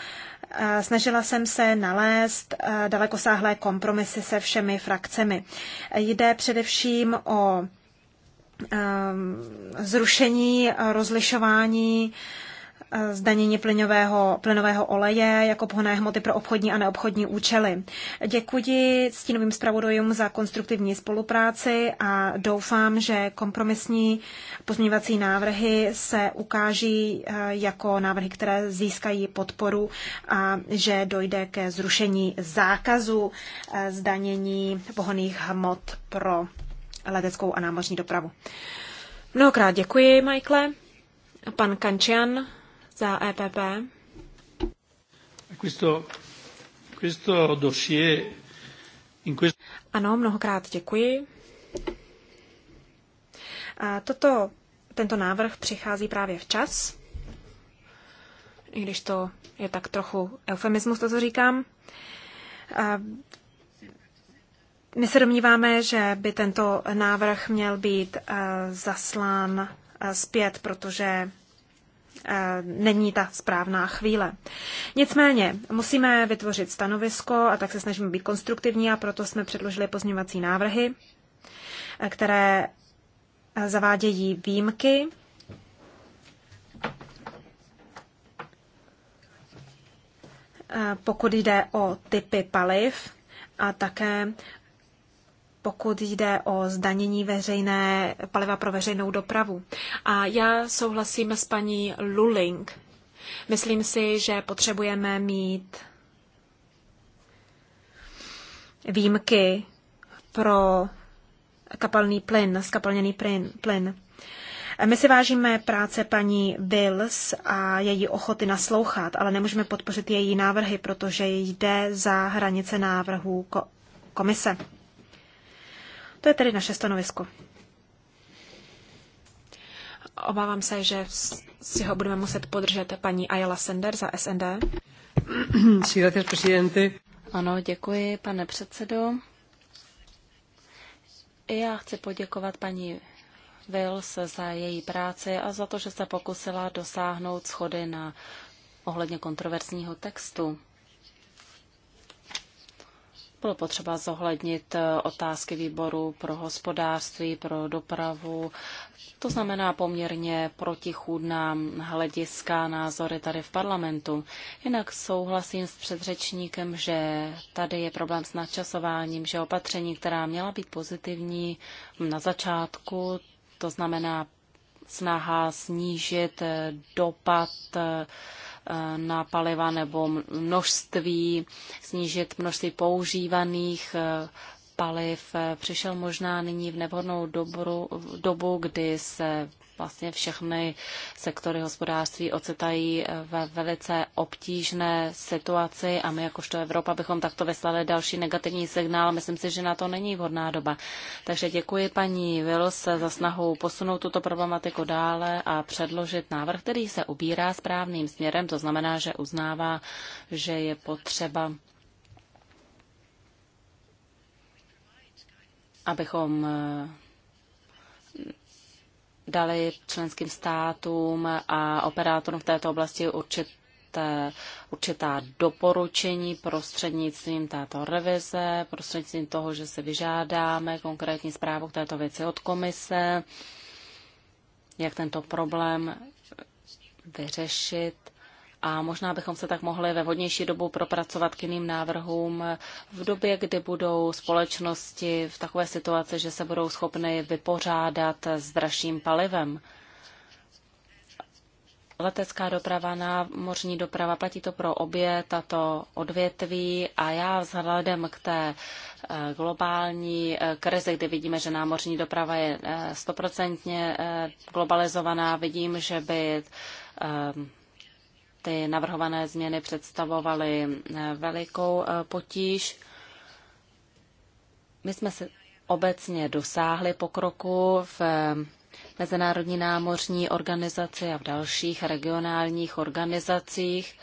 Snažila jsem se nalézt dalekosáhlé kompromisy se všemi frakcemi. Jde především o zrušení rozlišování zdanění plynového, plynového oleje jako pohonné hmoty pro obchodní a neobchodní účely. Děkuji stínovým zpravodajům za konstruktivní spolupráci a doufám, že kompromisní pozměňovací návrhy se ukáží eh, jako návrhy, které získají podporu a že dojde ke zrušení zákazu eh, zdanění pohonných hmot pro leteckou a námořní dopravu. Mnohokrát děkuji, Michael, Pan Kančian za EPP. Questo, questo dossier, in questo... Ano, mnohokrát děkuji. A toto, tento návrh přichází právě včas, i když to je tak trochu eufemismus, to, co říkám. A my se domníváme, že by tento návrh měl být eh, zaslán eh, zpět, protože Eh, není ta správná chvíle. Nicméně musíme vytvořit stanovisko a tak se snažíme být konstruktivní a proto jsme předložili pozměňovací návrhy, eh, které eh, zavádějí výjimky pokud jde o typy paliv a také pokud jde o zdanění veřejné paliva pro veřejnou dopravu. A já souhlasím s paní Luling. Myslím si, že potřebujeme mít výjimky pro kapalný plyn, skapalněný plyn. My si vážíme práce paní Bills a její ochoty naslouchat, ale nemůžeme podpořit její návrhy, protože jde za hranice návrhů komise. To je tedy naše stanovisko. Obávám se, že si ho budeme muset podržet paní Ayala Sender za SND. Sí, gracias, presidente. Ano, děkuji, pane předsedo. Já chci poděkovat paní Wills za její práci a za to, že se pokusila dosáhnout schody na ohledně kontroverzního textu. Bylo potřeba zohlednit eh, otázky výboru pro hospodářství, pro dopravu, to znamená poměrně protichůdná hlediska názory tady v parlamentu. Jinak souhlasím s předřečníkem, že tady je problém s nadčasováním, že opatření, která měla být pozitivní na začátku, to znamená snaha snížit eh, dopad eh, Eh, na paliva nebo množství, snížit množství používaných eh, paliv eh, přišel možná nyní v nevhodnou dobu, dobu kdy se vlastně všechny sektory hospodářství ocitají eh, ve velice obtížné situaci a my jakožto Evropa bychom takto vyslali další negativní signál. Myslím si, že na to není vhodná doba. Takže děkuji paní Wills za snahu posunout tuto problematiku dále a předložit návrh, který se ubírá správným směrem. To znamená, že uznává, že je potřeba abychom eh, dali členským státům a operátorům v této oblasti určité, určitá doporučení prostřednictvím této revize, prostřednictvím toho, že si vyžádáme konkrétní zprávu k této věci od komise, jak tento problém vyřešit a možná bychom se tak mohli ve vhodnější dobu propracovat k jiným návrhům v době, kdy budou společnosti v takové situaci, že se budou schopny vypořádat s dražším palivem. Letecká doprava, námořní doprava, platí to pro obě tato odvětví a já vzhledem k té eh, globální eh, krizi, kdy vidíme, že námořní doprava je eh, stoprocentně globalizovaná, vidím, že by ty navrhované změny představovaly eh, velikou eh, potíž. My jsme se obecně dosáhli pokroku v eh, Mezinárodní námořní organizaci a v dalších regionálních organizacích.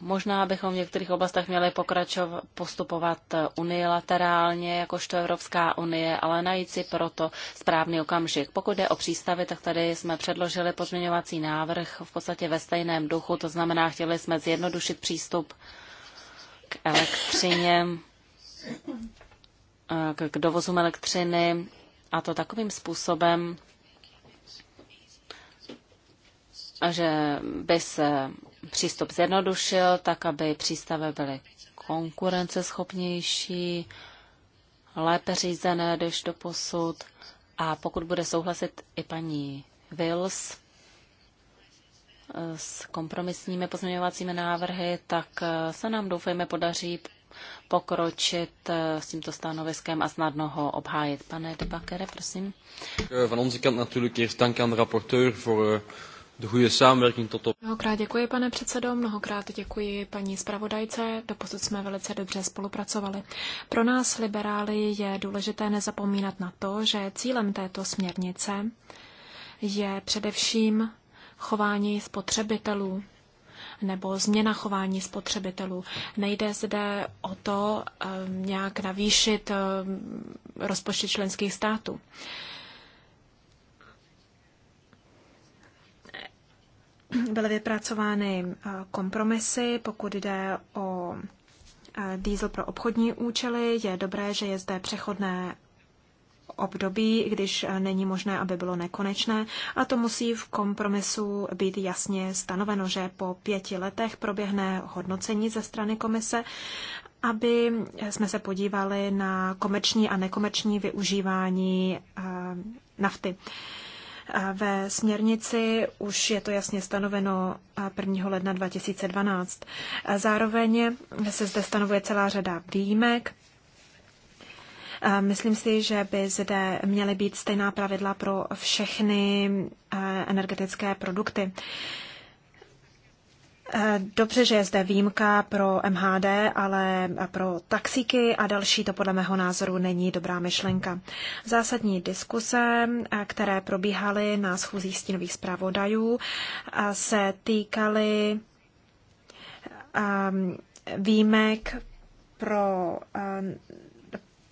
Možná bychom v některých oblastech měli pokračovat, postupovat eh, unilaterálně, jakožto Evropská unie, ale najít si proto správný okamžik. Pokud jde o přístavy, tak tady jsme předložili pozměňovací návrh v podstatě ve stejném duchu, to znamená, chtěli jsme zjednodušit přístup k elektřině, eh, k dovozům elektřiny a to takovým způsobem, že by se přístup zjednodušil, tak aby přístavy byly konkurenceschopnější, lépe řízené když do posud. A pokud bude souhlasit i paní Wills eh, s kompromisními pozměňovacími návrhy, tak eh, se nám doufejme podaří pokročit eh, s tímto stanoviskem a snadno ho obhájit. Pane Debakere, prosím. Van onze kant natuurlijk eerst dank aan de rapporteur voor de goede samenwerking tot Mnohokrát děkuji, pane předsedo, mnohokrát děkuji paní zpravodajce, doposud jsme velice dobře spolupracovali. Pro nás, liberály, je důležité nezapomínat na to, že cílem této směrnice je především chování spotřebitelů nebo změna chování spotřebitelů. Nejde zde o to eh, nějak navýšit eh, rozpočty členských států. byly vypracovány eh, kompromisy, pokud jde o eh, diesel pro obchodní účely. Je dobré, že je zde přechodné období, když eh, není možné, aby bylo nekonečné. A to musí v kompromisu být jasně stanoveno, že po pěti letech proběhne hodnocení ze strany komise, aby jsme se podívali na komerční a nekomerční využívání nafty. Ve směrnici už je to jasně stanoveno 1. ledna 2012. Zároveň se zde stanovuje celá řada výjimek. Myslím si, že by zde měly být stejná pravidla pro všechny energetické produkty. Eh, dobře, že je zde výjimka pro MHD, ale pro taxíky a další to podle mého názoru není dobrá myšlenka. Zásadní diskuse, eh, které probíhaly na schůzích stínových zpravodajů, eh, se týkaly ehm, výjimek pro ehm,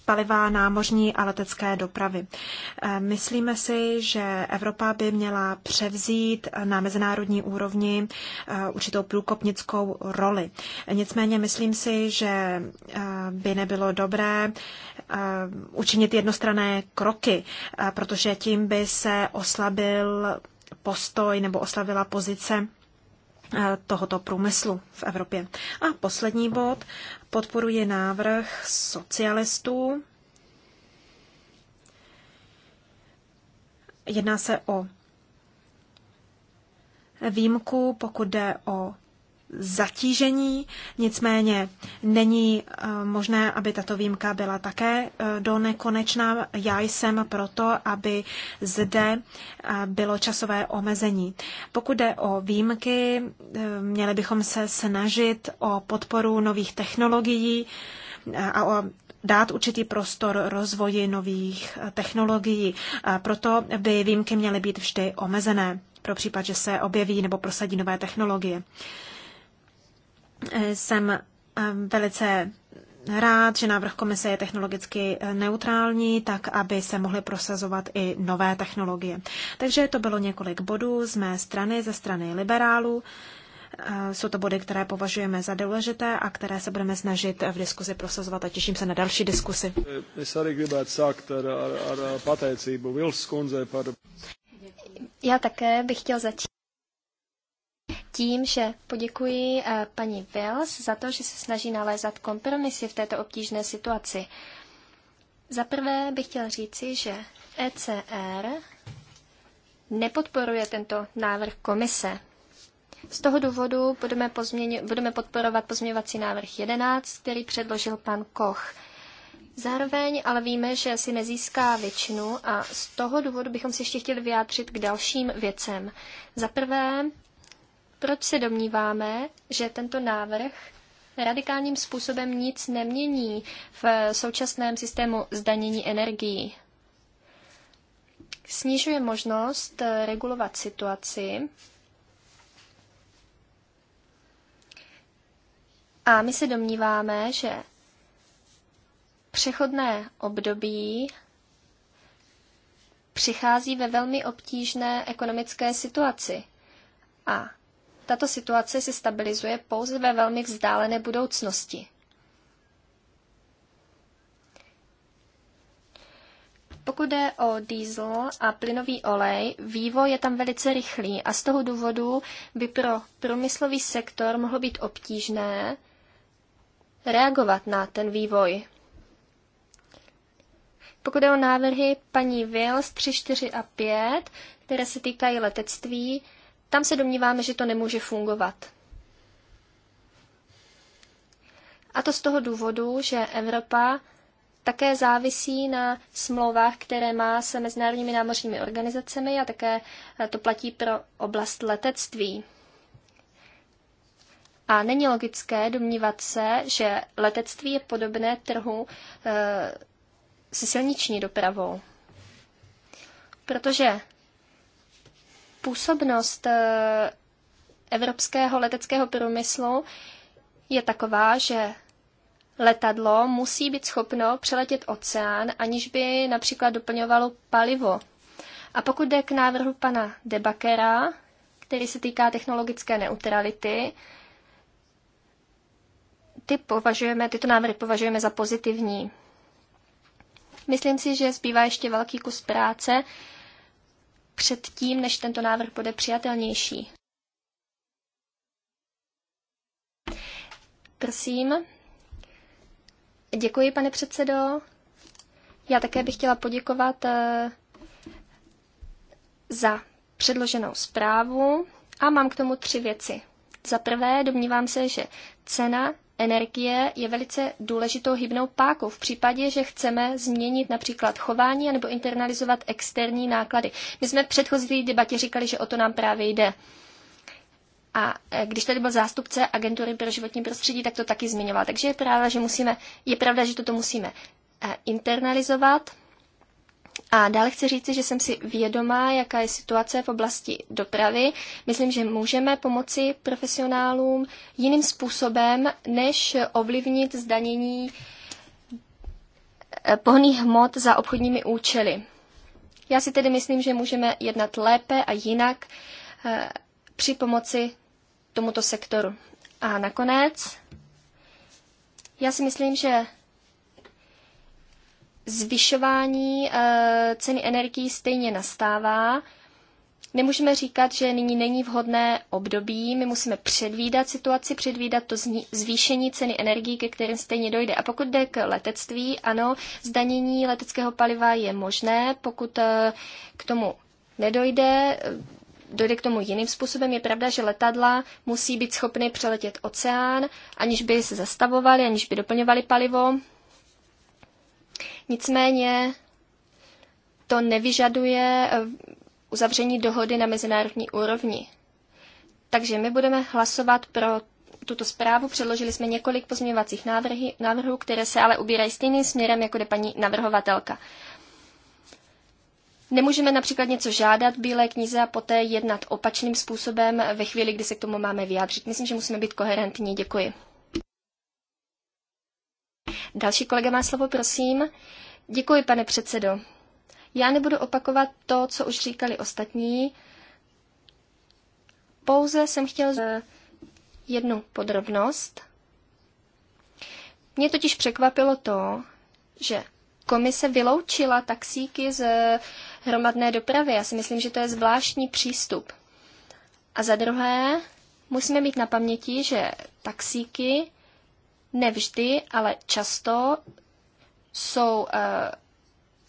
paliva námořní a letecké dopravy. Eh, myslíme si, že Evropa by měla převzít na mezinárodní úrovni eh, určitou průkopnickou roli. Nicméně myslím si, že eh, by nebylo dobré učinit jednostrané kroky, protože tím by se oslabil postoj nebo oslavila pozice Eh, tohoto průmyslu v Evropě. A poslední bod podporuje návrh socialistů. Jedná se o výjimku, pokud jde o zatížení, nicméně není eh, možné, aby tato výjimka byla také eh, do nekonečná Já jsem proto, aby zde eh, bylo časové omezení. Pokud jde o výjimky, měli bychom se snažit o podporu nových technologií a o dát určitý prostor rozvoji nových technologií. Proto by výjimky měly být vždy omezené pro případ, že se objeví nebo prosadí nové technologie. Jsem ehm, velice rád, že návrh komise je technologicky eh, neutrální, tak aby se mohly prosazovat i nové technologie. Takže to bylo několik bodů z mé strany, ze strany liberálů. Eh, jsou to body, které považujeme za důležité a které se budeme snažit v diskuzi prosazovat a těším se na další diskusi. Já také bych chtěl začít tím, že poděkuji eh, paní Wells za to, že se snaží nalézat kompromisy v této obtížné situaci. Za prvé bych chtěl říci, že ECR nepodporuje tento návrh komise. Z toho důvodu budeme, pozměňu, budeme podporovat pozměňovací návrh 11, který předložil pan Koch. Zároveň ale víme, že si nezíská většinu a z toho důvodu bychom se ještě chtěli vyjádřit k dalším věcem. Za prvé, proč se domníváme, že tento návrh radikálním způsobem nic nemění v současném systému zdanění energií? Snižuje možnost eh, regulovat situaci, A my se domníváme, že přechodné období přichází ve velmi obtížné ekonomické situaci. A tato situace se stabilizuje pouze ve velmi vzdálené budoucnosti. Pokud jde o diesel a plynový olej, vývoj je tam velice rychlý a z toho důvodu by pro průmyslový sektor mohlo být obtížné reagovat na ten vývoj. Pokud jde o návrhy paní Wills 3, 4 a 5, které se týkají letectví, tam se domníváme, že to nemůže fungovat. A to z toho důvodu, že Evropa také závisí na smlouvách, které má se mezinárodními námořními organizacemi a také eh, to platí pro oblast letectví. A není logické domnívat se, že letectví je podobné trhu e, se silniční dopravou. Protože působnost eh, evropského leteckého průmyslu je taková, že letadlo musí být schopno přeletět oceán, aniž by například doplňovalo palivo. A pokud jde k návrhu pana Debakera, který se týká technologické neutrality, ty považujeme, tyto návrhy považujeme za pozitivní. Myslím si, že zbývá ještě velký kus práce, předtím, než tento návrh bude přijatelnější. Prosím. Děkuji, pane předsedo. Já také bych chtěla poděkovat eh, za předloženou zprávu a mám k tomu tři věci. Za prvé, domnívám se, že cena energie je velice důležitou hybnou pákou v případě, že chceme změnit například chování nebo internalizovat externí náklady. My jsme v předchozí debatě říkali, že o to nám právě jde. A e, když tady byl zástupce agentury pro životní prostředí, tak to taky zmiňoval. Takže je pravda, že musíme, je pravda, že toto musíme e, internalizovat, a dále chci říci, že jsem si vědomá, jaká je situace v oblasti dopravy. Myslím, že můžeme pomoci profesionálům jiným způsobem, než ovlivnit zdanění eh, pohných hmot za obchodními účely. Já si tedy myslím, že můžeme jednat lépe a jinak eh, při pomoci tomuto sektoru. A nakonec, já si myslím, že zvyšování eh, ceny energií stejně nastává. Nemůžeme říkat, že nyní není vhodné období, my musíme předvídat situaci, předvídat to zvýšení ceny energií, ke kterým stejně dojde. A pokud jde k letectví, ano, zdanění leteckého paliva je možné, pokud eh, k tomu nedojde, eh, dojde k tomu jiným způsobem. Je pravda, že letadla musí být schopny přeletět oceán, aniž by se zastavovaly, aniž by doplňovaly palivo. Nicméně to nevyžaduje eh, uzavření dohody na mezinárodní úrovni. Takže my budeme hlasovat pro tuto zprávu. Předložili jsme několik pozměňovacích návrhy, návrhů, které se ale ubírají stejným směrem, jako jde paní navrhovatelka. Nemůžeme například něco žádat v Bílé knize a poté jednat opačným způsobem ve chvíli, kdy se k tomu máme vyjádřit. Myslím, že musíme být koherentní. Děkuji. Další kolega má slovo, prosím. Děkuji, pane předsedo. Já nebudu opakovat to, co už říkali ostatní. Pouze jsem chtěl jednu podrobnost. Mě totiž překvapilo to, že komise vyloučila taxíky z hromadné dopravy. Já si myslím, že to je zvláštní přístup. A za druhé, musíme mít na paměti, že taxíky nevždy, ale často jsou eh,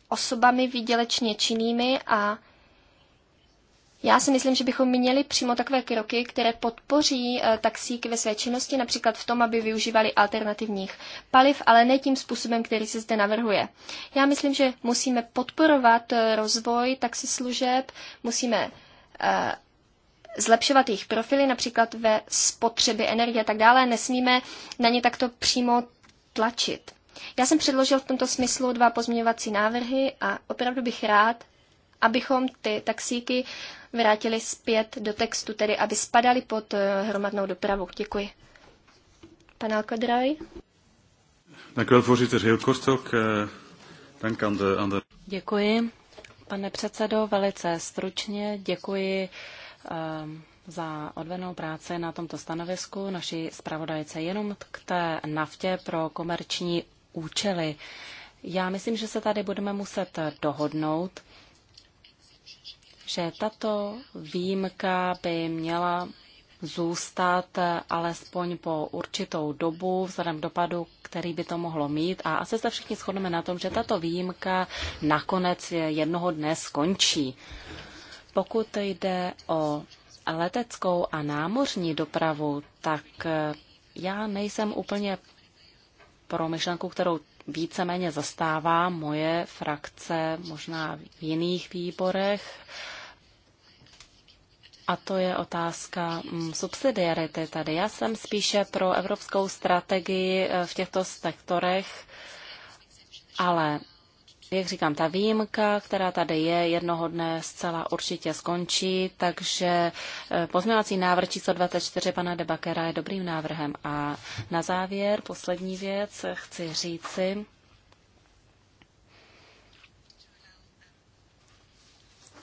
osobami výdělečně činnými a já si myslím, že bychom měli přímo takové kroky, které podpoří eh, taxíky ve své činnosti, například v tom, aby využívali alternativních paliv, ale ne tím způsobem, který se zde navrhuje. Já myslím, že musíme podporovat eh, rozvoj taxislužeb, musíme zlepšovat jejich profily, například ve spotřebě energie a tak dále. Nesmíme na ně takto přímo tlačit. Já jsem předložil v tomto smyslu dva pozměňovací návrhy a opravdu bych rád, abychom ty taxíky vrátili zpět do textu, tedy aby spadaly pod eh, hromadnou dopravu. Děkuji. Pan Alkodraj? Eh, Děkuji, pane předsedo, velice stručně. Děkuji Ehm, za odvenou práci na tomto stanovisku Naši zpravodajce jenom k té naftě pro komerční účely. Já myslím, že se tady budeme muset dohodnout, že tato výjimka by měla zůstat alespoň po určitou dobu vzhledem k dopadu, který by to mohlo mít. A asi se všichni shodneme na tom, že tato výjimka nakonec jednoho dne skončí. Pokud jde o leteckou a námořní dopravu, tak eh, já nejsem úplně pro myšlenku, kterou víceméně zastává moje frakce, možná v jiných výborech. A to je otázka mm, subsidiarity tady. Já jsem spíše pro evropskou strategii eh, v těchto sektorech, ale jak říkám, ta výjimka, která tady je, jednoho dne zcela určitě skončí, takže eh, pozměňovací návrh číslo 24 pana Debakera je dobrým návrhem. A na závěr, poslední věc, chci říci,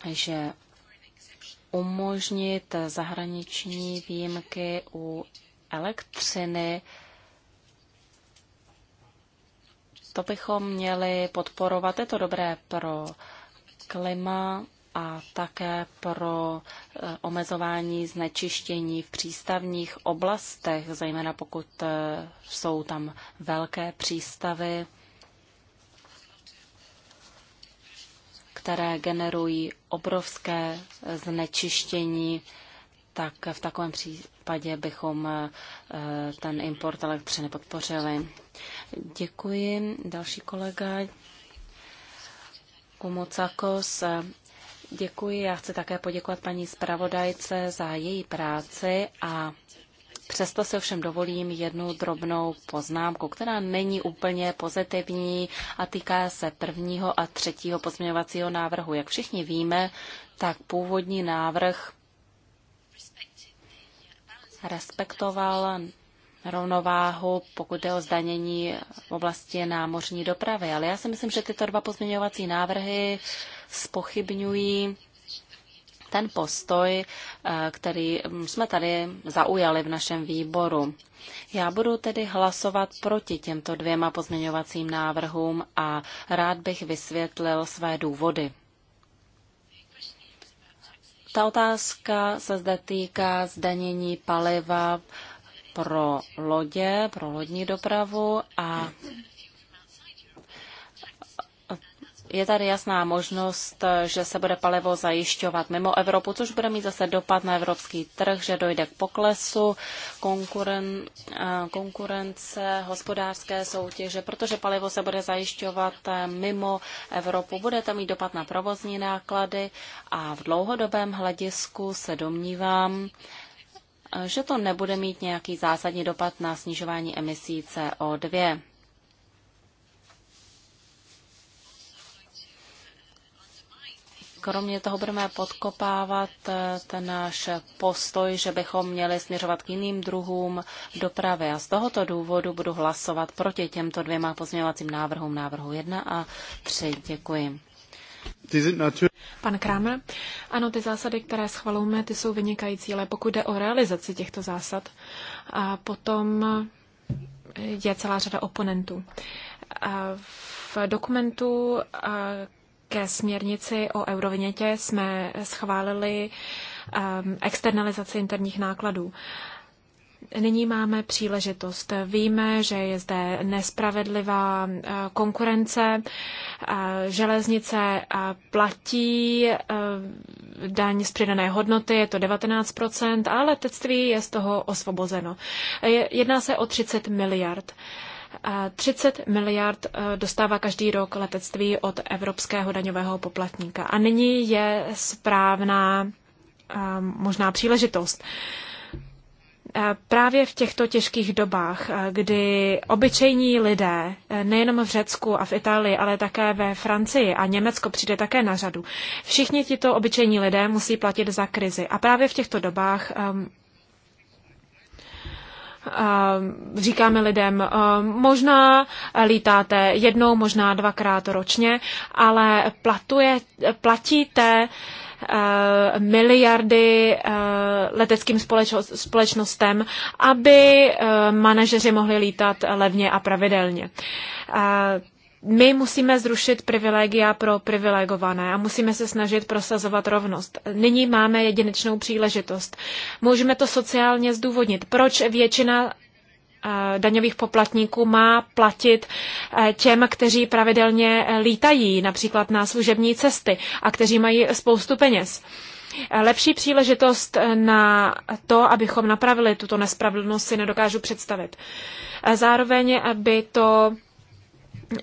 že umožnit zahraniční výjimky u elektřiny To bychom měli podporovat. Je to dobré pro klima a také pro e, omezování znečištění v přístavních oblastech, zejména pokud e, jsou tam velké přístavy, které generují obrovské znečištění, tak v takovém případě bychom e, ten import elektřiny podpořili. Děkuji. Další kolega Kumocakos. Děkuji. Já chci také poděkovat paní zpravodajce za její práci a Přesto si všem dovolím jednu drobnou poznámku, která není úplně pozitivní a týká se prvního a třetího pozměňovacího návrhu. Jak všichni víme, tak původní návrh respektoval rovnováhu, pokud je o zdanění v oblasti námořní dopravy. Ale já si myslím, že tyto dva pozměňovací návrhy spochybňují ten postoj, eh, který jsme tady zaujali v našem výboru. Já budu tedy hlasovat proti těmto dvěma pozměňovacím návrhům a rád bych vysvětlil své důvody. Ta otázka se zde týká zdanění paliva pro lodě, pro lodní dopravu a je tady jasná možnost, že se bude palivo zajišťovat mimo Evropu, což bude mít zase dopad na evropský trh, že dojde k poklesu konkuren, konkurence, hospodářské soutěže, protože palivo se bude zajišťovat eh, mimo Evropu. Bude to mít dopad na provozní náklady a v dlouhodobém hledisku se domnívám, že to nebude mít nějaký zásadní dopad na snižování emisí CO2. Kromě toho budeme podkopávat eh, ten náš postoj, že bychom měli směřovat k jiným druhům dopravy. A z tohoto důvodu budu hlasovat proti těmto dvěma pozměňovacím návrhům, návrhu 1 a 3. Děkuji. Pan Kramer, ano, ty zásady, které schvalujeme, ty jsou vynikající, ale pokud jde o realizaci těchto zásad, a potom je celá řada oponentů. A v dokumentu ke směrnici o eurovinětě jsme schválili externalizaci interních nákladů. Nyní máme příležitost. Víme, že je zde nespravedlivá eh, konkurence. Eh, železnice eh, platí daň z přidané hodnoty, je to 19 a letectví je z toho osvobozeno. Jedná se o 30 miliard. 30 miliard dostává každý rok letectví od evropského daňového poplatníka. A nyní je správná možná příležitost. Eh, právě v těchto těžkých dobách, eh, kdy obyčejní lidé, eh, nejenom v Řecku a v Itálii, ale také ve Francii a Německo přijde také na řadu, všichni tito obyčejní lidé musí platit za krizi. A právě v těchto dobách ehm, ehm, říkáme lidem, ehm, možná lítáte jednou, možná dvakrát ročně, ale platuje, platíte Eh, miliardy eh, leteckým společnostem, aby eh, manažeři mohli lítat levně a pravidelně my musíme zrušit privilegia pro privilegované a musíme se snažit prosazovat rovnost. Nyní máme jedinečnou příležitost. Můžeme to sociálně zdůvodnit. Proč většina daňových poplatníků má platit eh, těm, kteří pravidelně eh, lítají například na služební cesty a kteří mají spoustu peněz. Eh, lepší příležitost na to, abychom napravili tuto nespravedlnost, si nedokážu představit. Zároveň aby to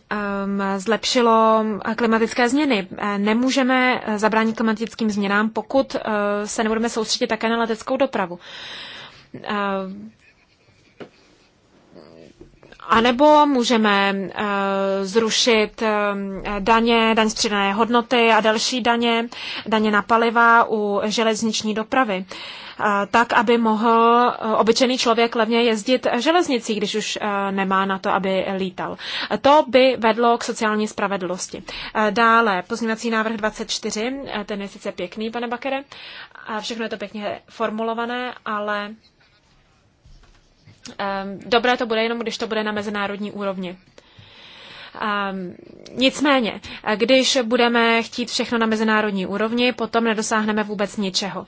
ehm, zlepšilo klimatické změny. Nemůžeme zabránit klimatickým změnám, pokud se nebudeme soustředit také na leteckou dopravu a nebo můžeme eh, zrušit eh, daně, daň z přidané hodnoty a další daně, daně na paliva u železniční dopravy eh, tak, aby mohl obyčejný člověk levně jezdit železnicí, když už nemá na to, aby lítal. To by vedlo k sociální spravedlnosti. Dále, pozměňovací návrh 24, ten je sice pěkný, pane Bakere, a všechno je to pěkně formulované, ale Ehm, dobré to bude jenom, když to bude na mezinárodní úrovni. Um, nicméně, když budeme chtít všechno na mezinárodní úrovni, potom nedosáhneme vůbec ničeho.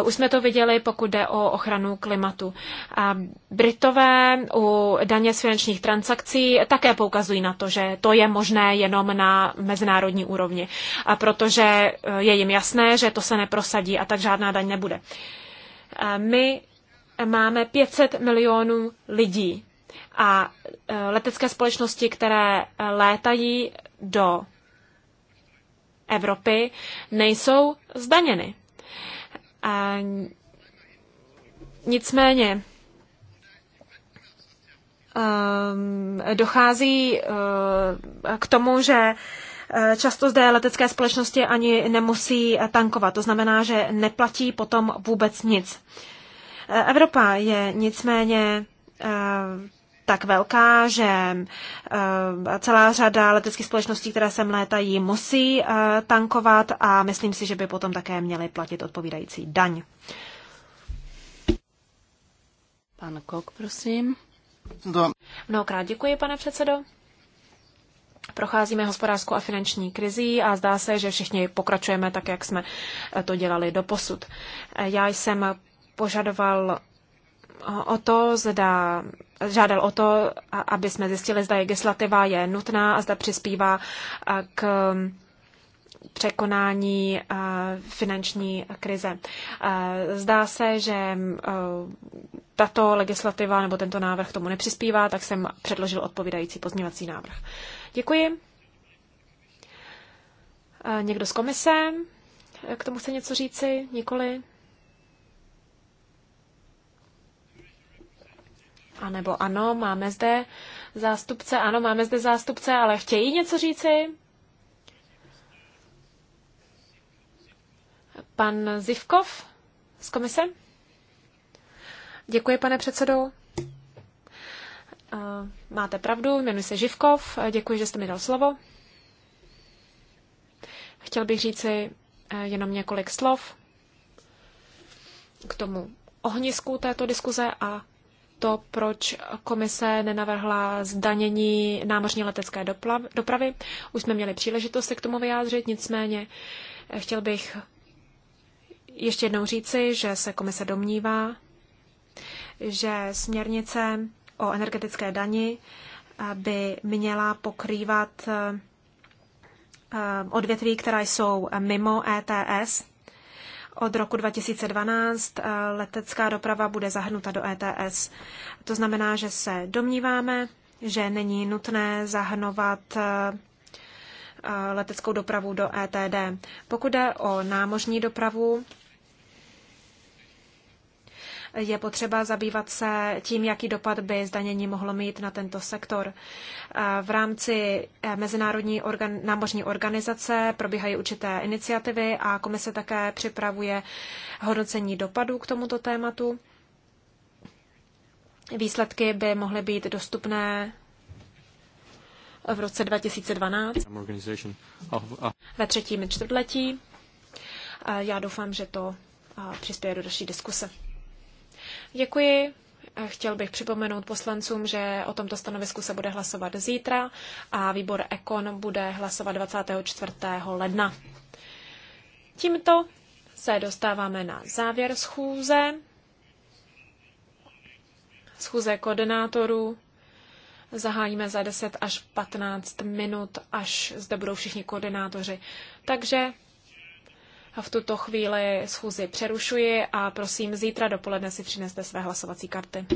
Uh, už jsme to viděli, pokud jde o ochranu klimatu. Uh, Britové u daně z finančních transakcí také poukazují na to, že to je možné jenom na mezinárodní úrovni, a protože eh, je jim jasné, že to se neprosadí a tak žádná daň nebude. Uh, my máme 500 milionů lidí a e, letecké společnosti, které e, létají do Evropy, nejsou zdaněny. A nicméně ehm, dochází e, k tomu, že často zde letecké společnosti ani nemusí tankovat. To znamená, že neplatí potom vůbec nic. Evropa je nicméně eh, tak velká, že eh, celá řada leteckých společností, které sem létají, musí eh, tankovat a myslím si, že by potom také měly platit odpovídající daň. Pan Kok, prosím. Do. Mnohokrát děkuji, pane předsedo. Procházíme hospodářskou a finanční krizí a zdá se, že všichni pokračujeme tak, jak jsme to dělali do posud. Já jsem požadoval o to, zda žádal o to, aby jsme zjistili, zda legislativa je nutná a zda přispívá k překonání finanční krize. Zdá se, že tato legislativa nebo tento návrh tomu nepřispívá, tak jsem předložil odpovídající pozměvací návrh. Děkuji. Někdo z komise k tomu chce něco říci? Nikoli? A nebo ano, máme zde zástupce, ano, máme zde zástupce, ale chtějí něco říci? Pan Zivkov z komise? Děkuji, pane předsedou. Eh, máte pravdu, jmenuji se Živkov, eh, děkuji, že jste mi dal slovo. Chtěl bych říci eh, jenom několik slov k tomu ohnisku této diskuze a to, proč komise nenavrhla zdanění námořní letecké dopravy. Už jsme měli příležitost se k tomu vyjádřit, nicméně eh, chtěl bych ještě jednou říci, že se komise domnívá, že směrnice o energetické dani eh, by měla pokrývat eh, odvětví, která jsou mimo ETS od roku 2012 eh, letecká doprava bude zahrnuta do ETS. To znamená, že se domníváme, že není nutné zahrnovat eh, eh, leteckou dopravu do ETD. Pokud jde o námořní dopravu, je potřeba zabývat se tím, jaký dopad by zdanění mohlo mít na tento sektor. V rámci eh, Mezinárodní organ- námořní organizace probíhají určité iniciativy a komise také připravuje hodnocení dopadů k tomuto tématu. Výsledky by mohly být dostupné v roce 2012 uh, ve třetím čtvrtletí. Já doufám, že to přispěje do další diskuse. Děkuji. Chtěl bych připomenout poslancům, že o tomto stanovisku se bude hlasovat zítra a výbor Ekon bude hlasovat 24. ledna. Tímto se dostáváme na závěr schůze. Schůze koordinátorů zahájíme za 10 až 15 minut, až zde budou všichni koordinátoři. Takže v tuto chvíli schůzi přerušuji a prosím, zítra dopoledne si přineste své hlasovací karty.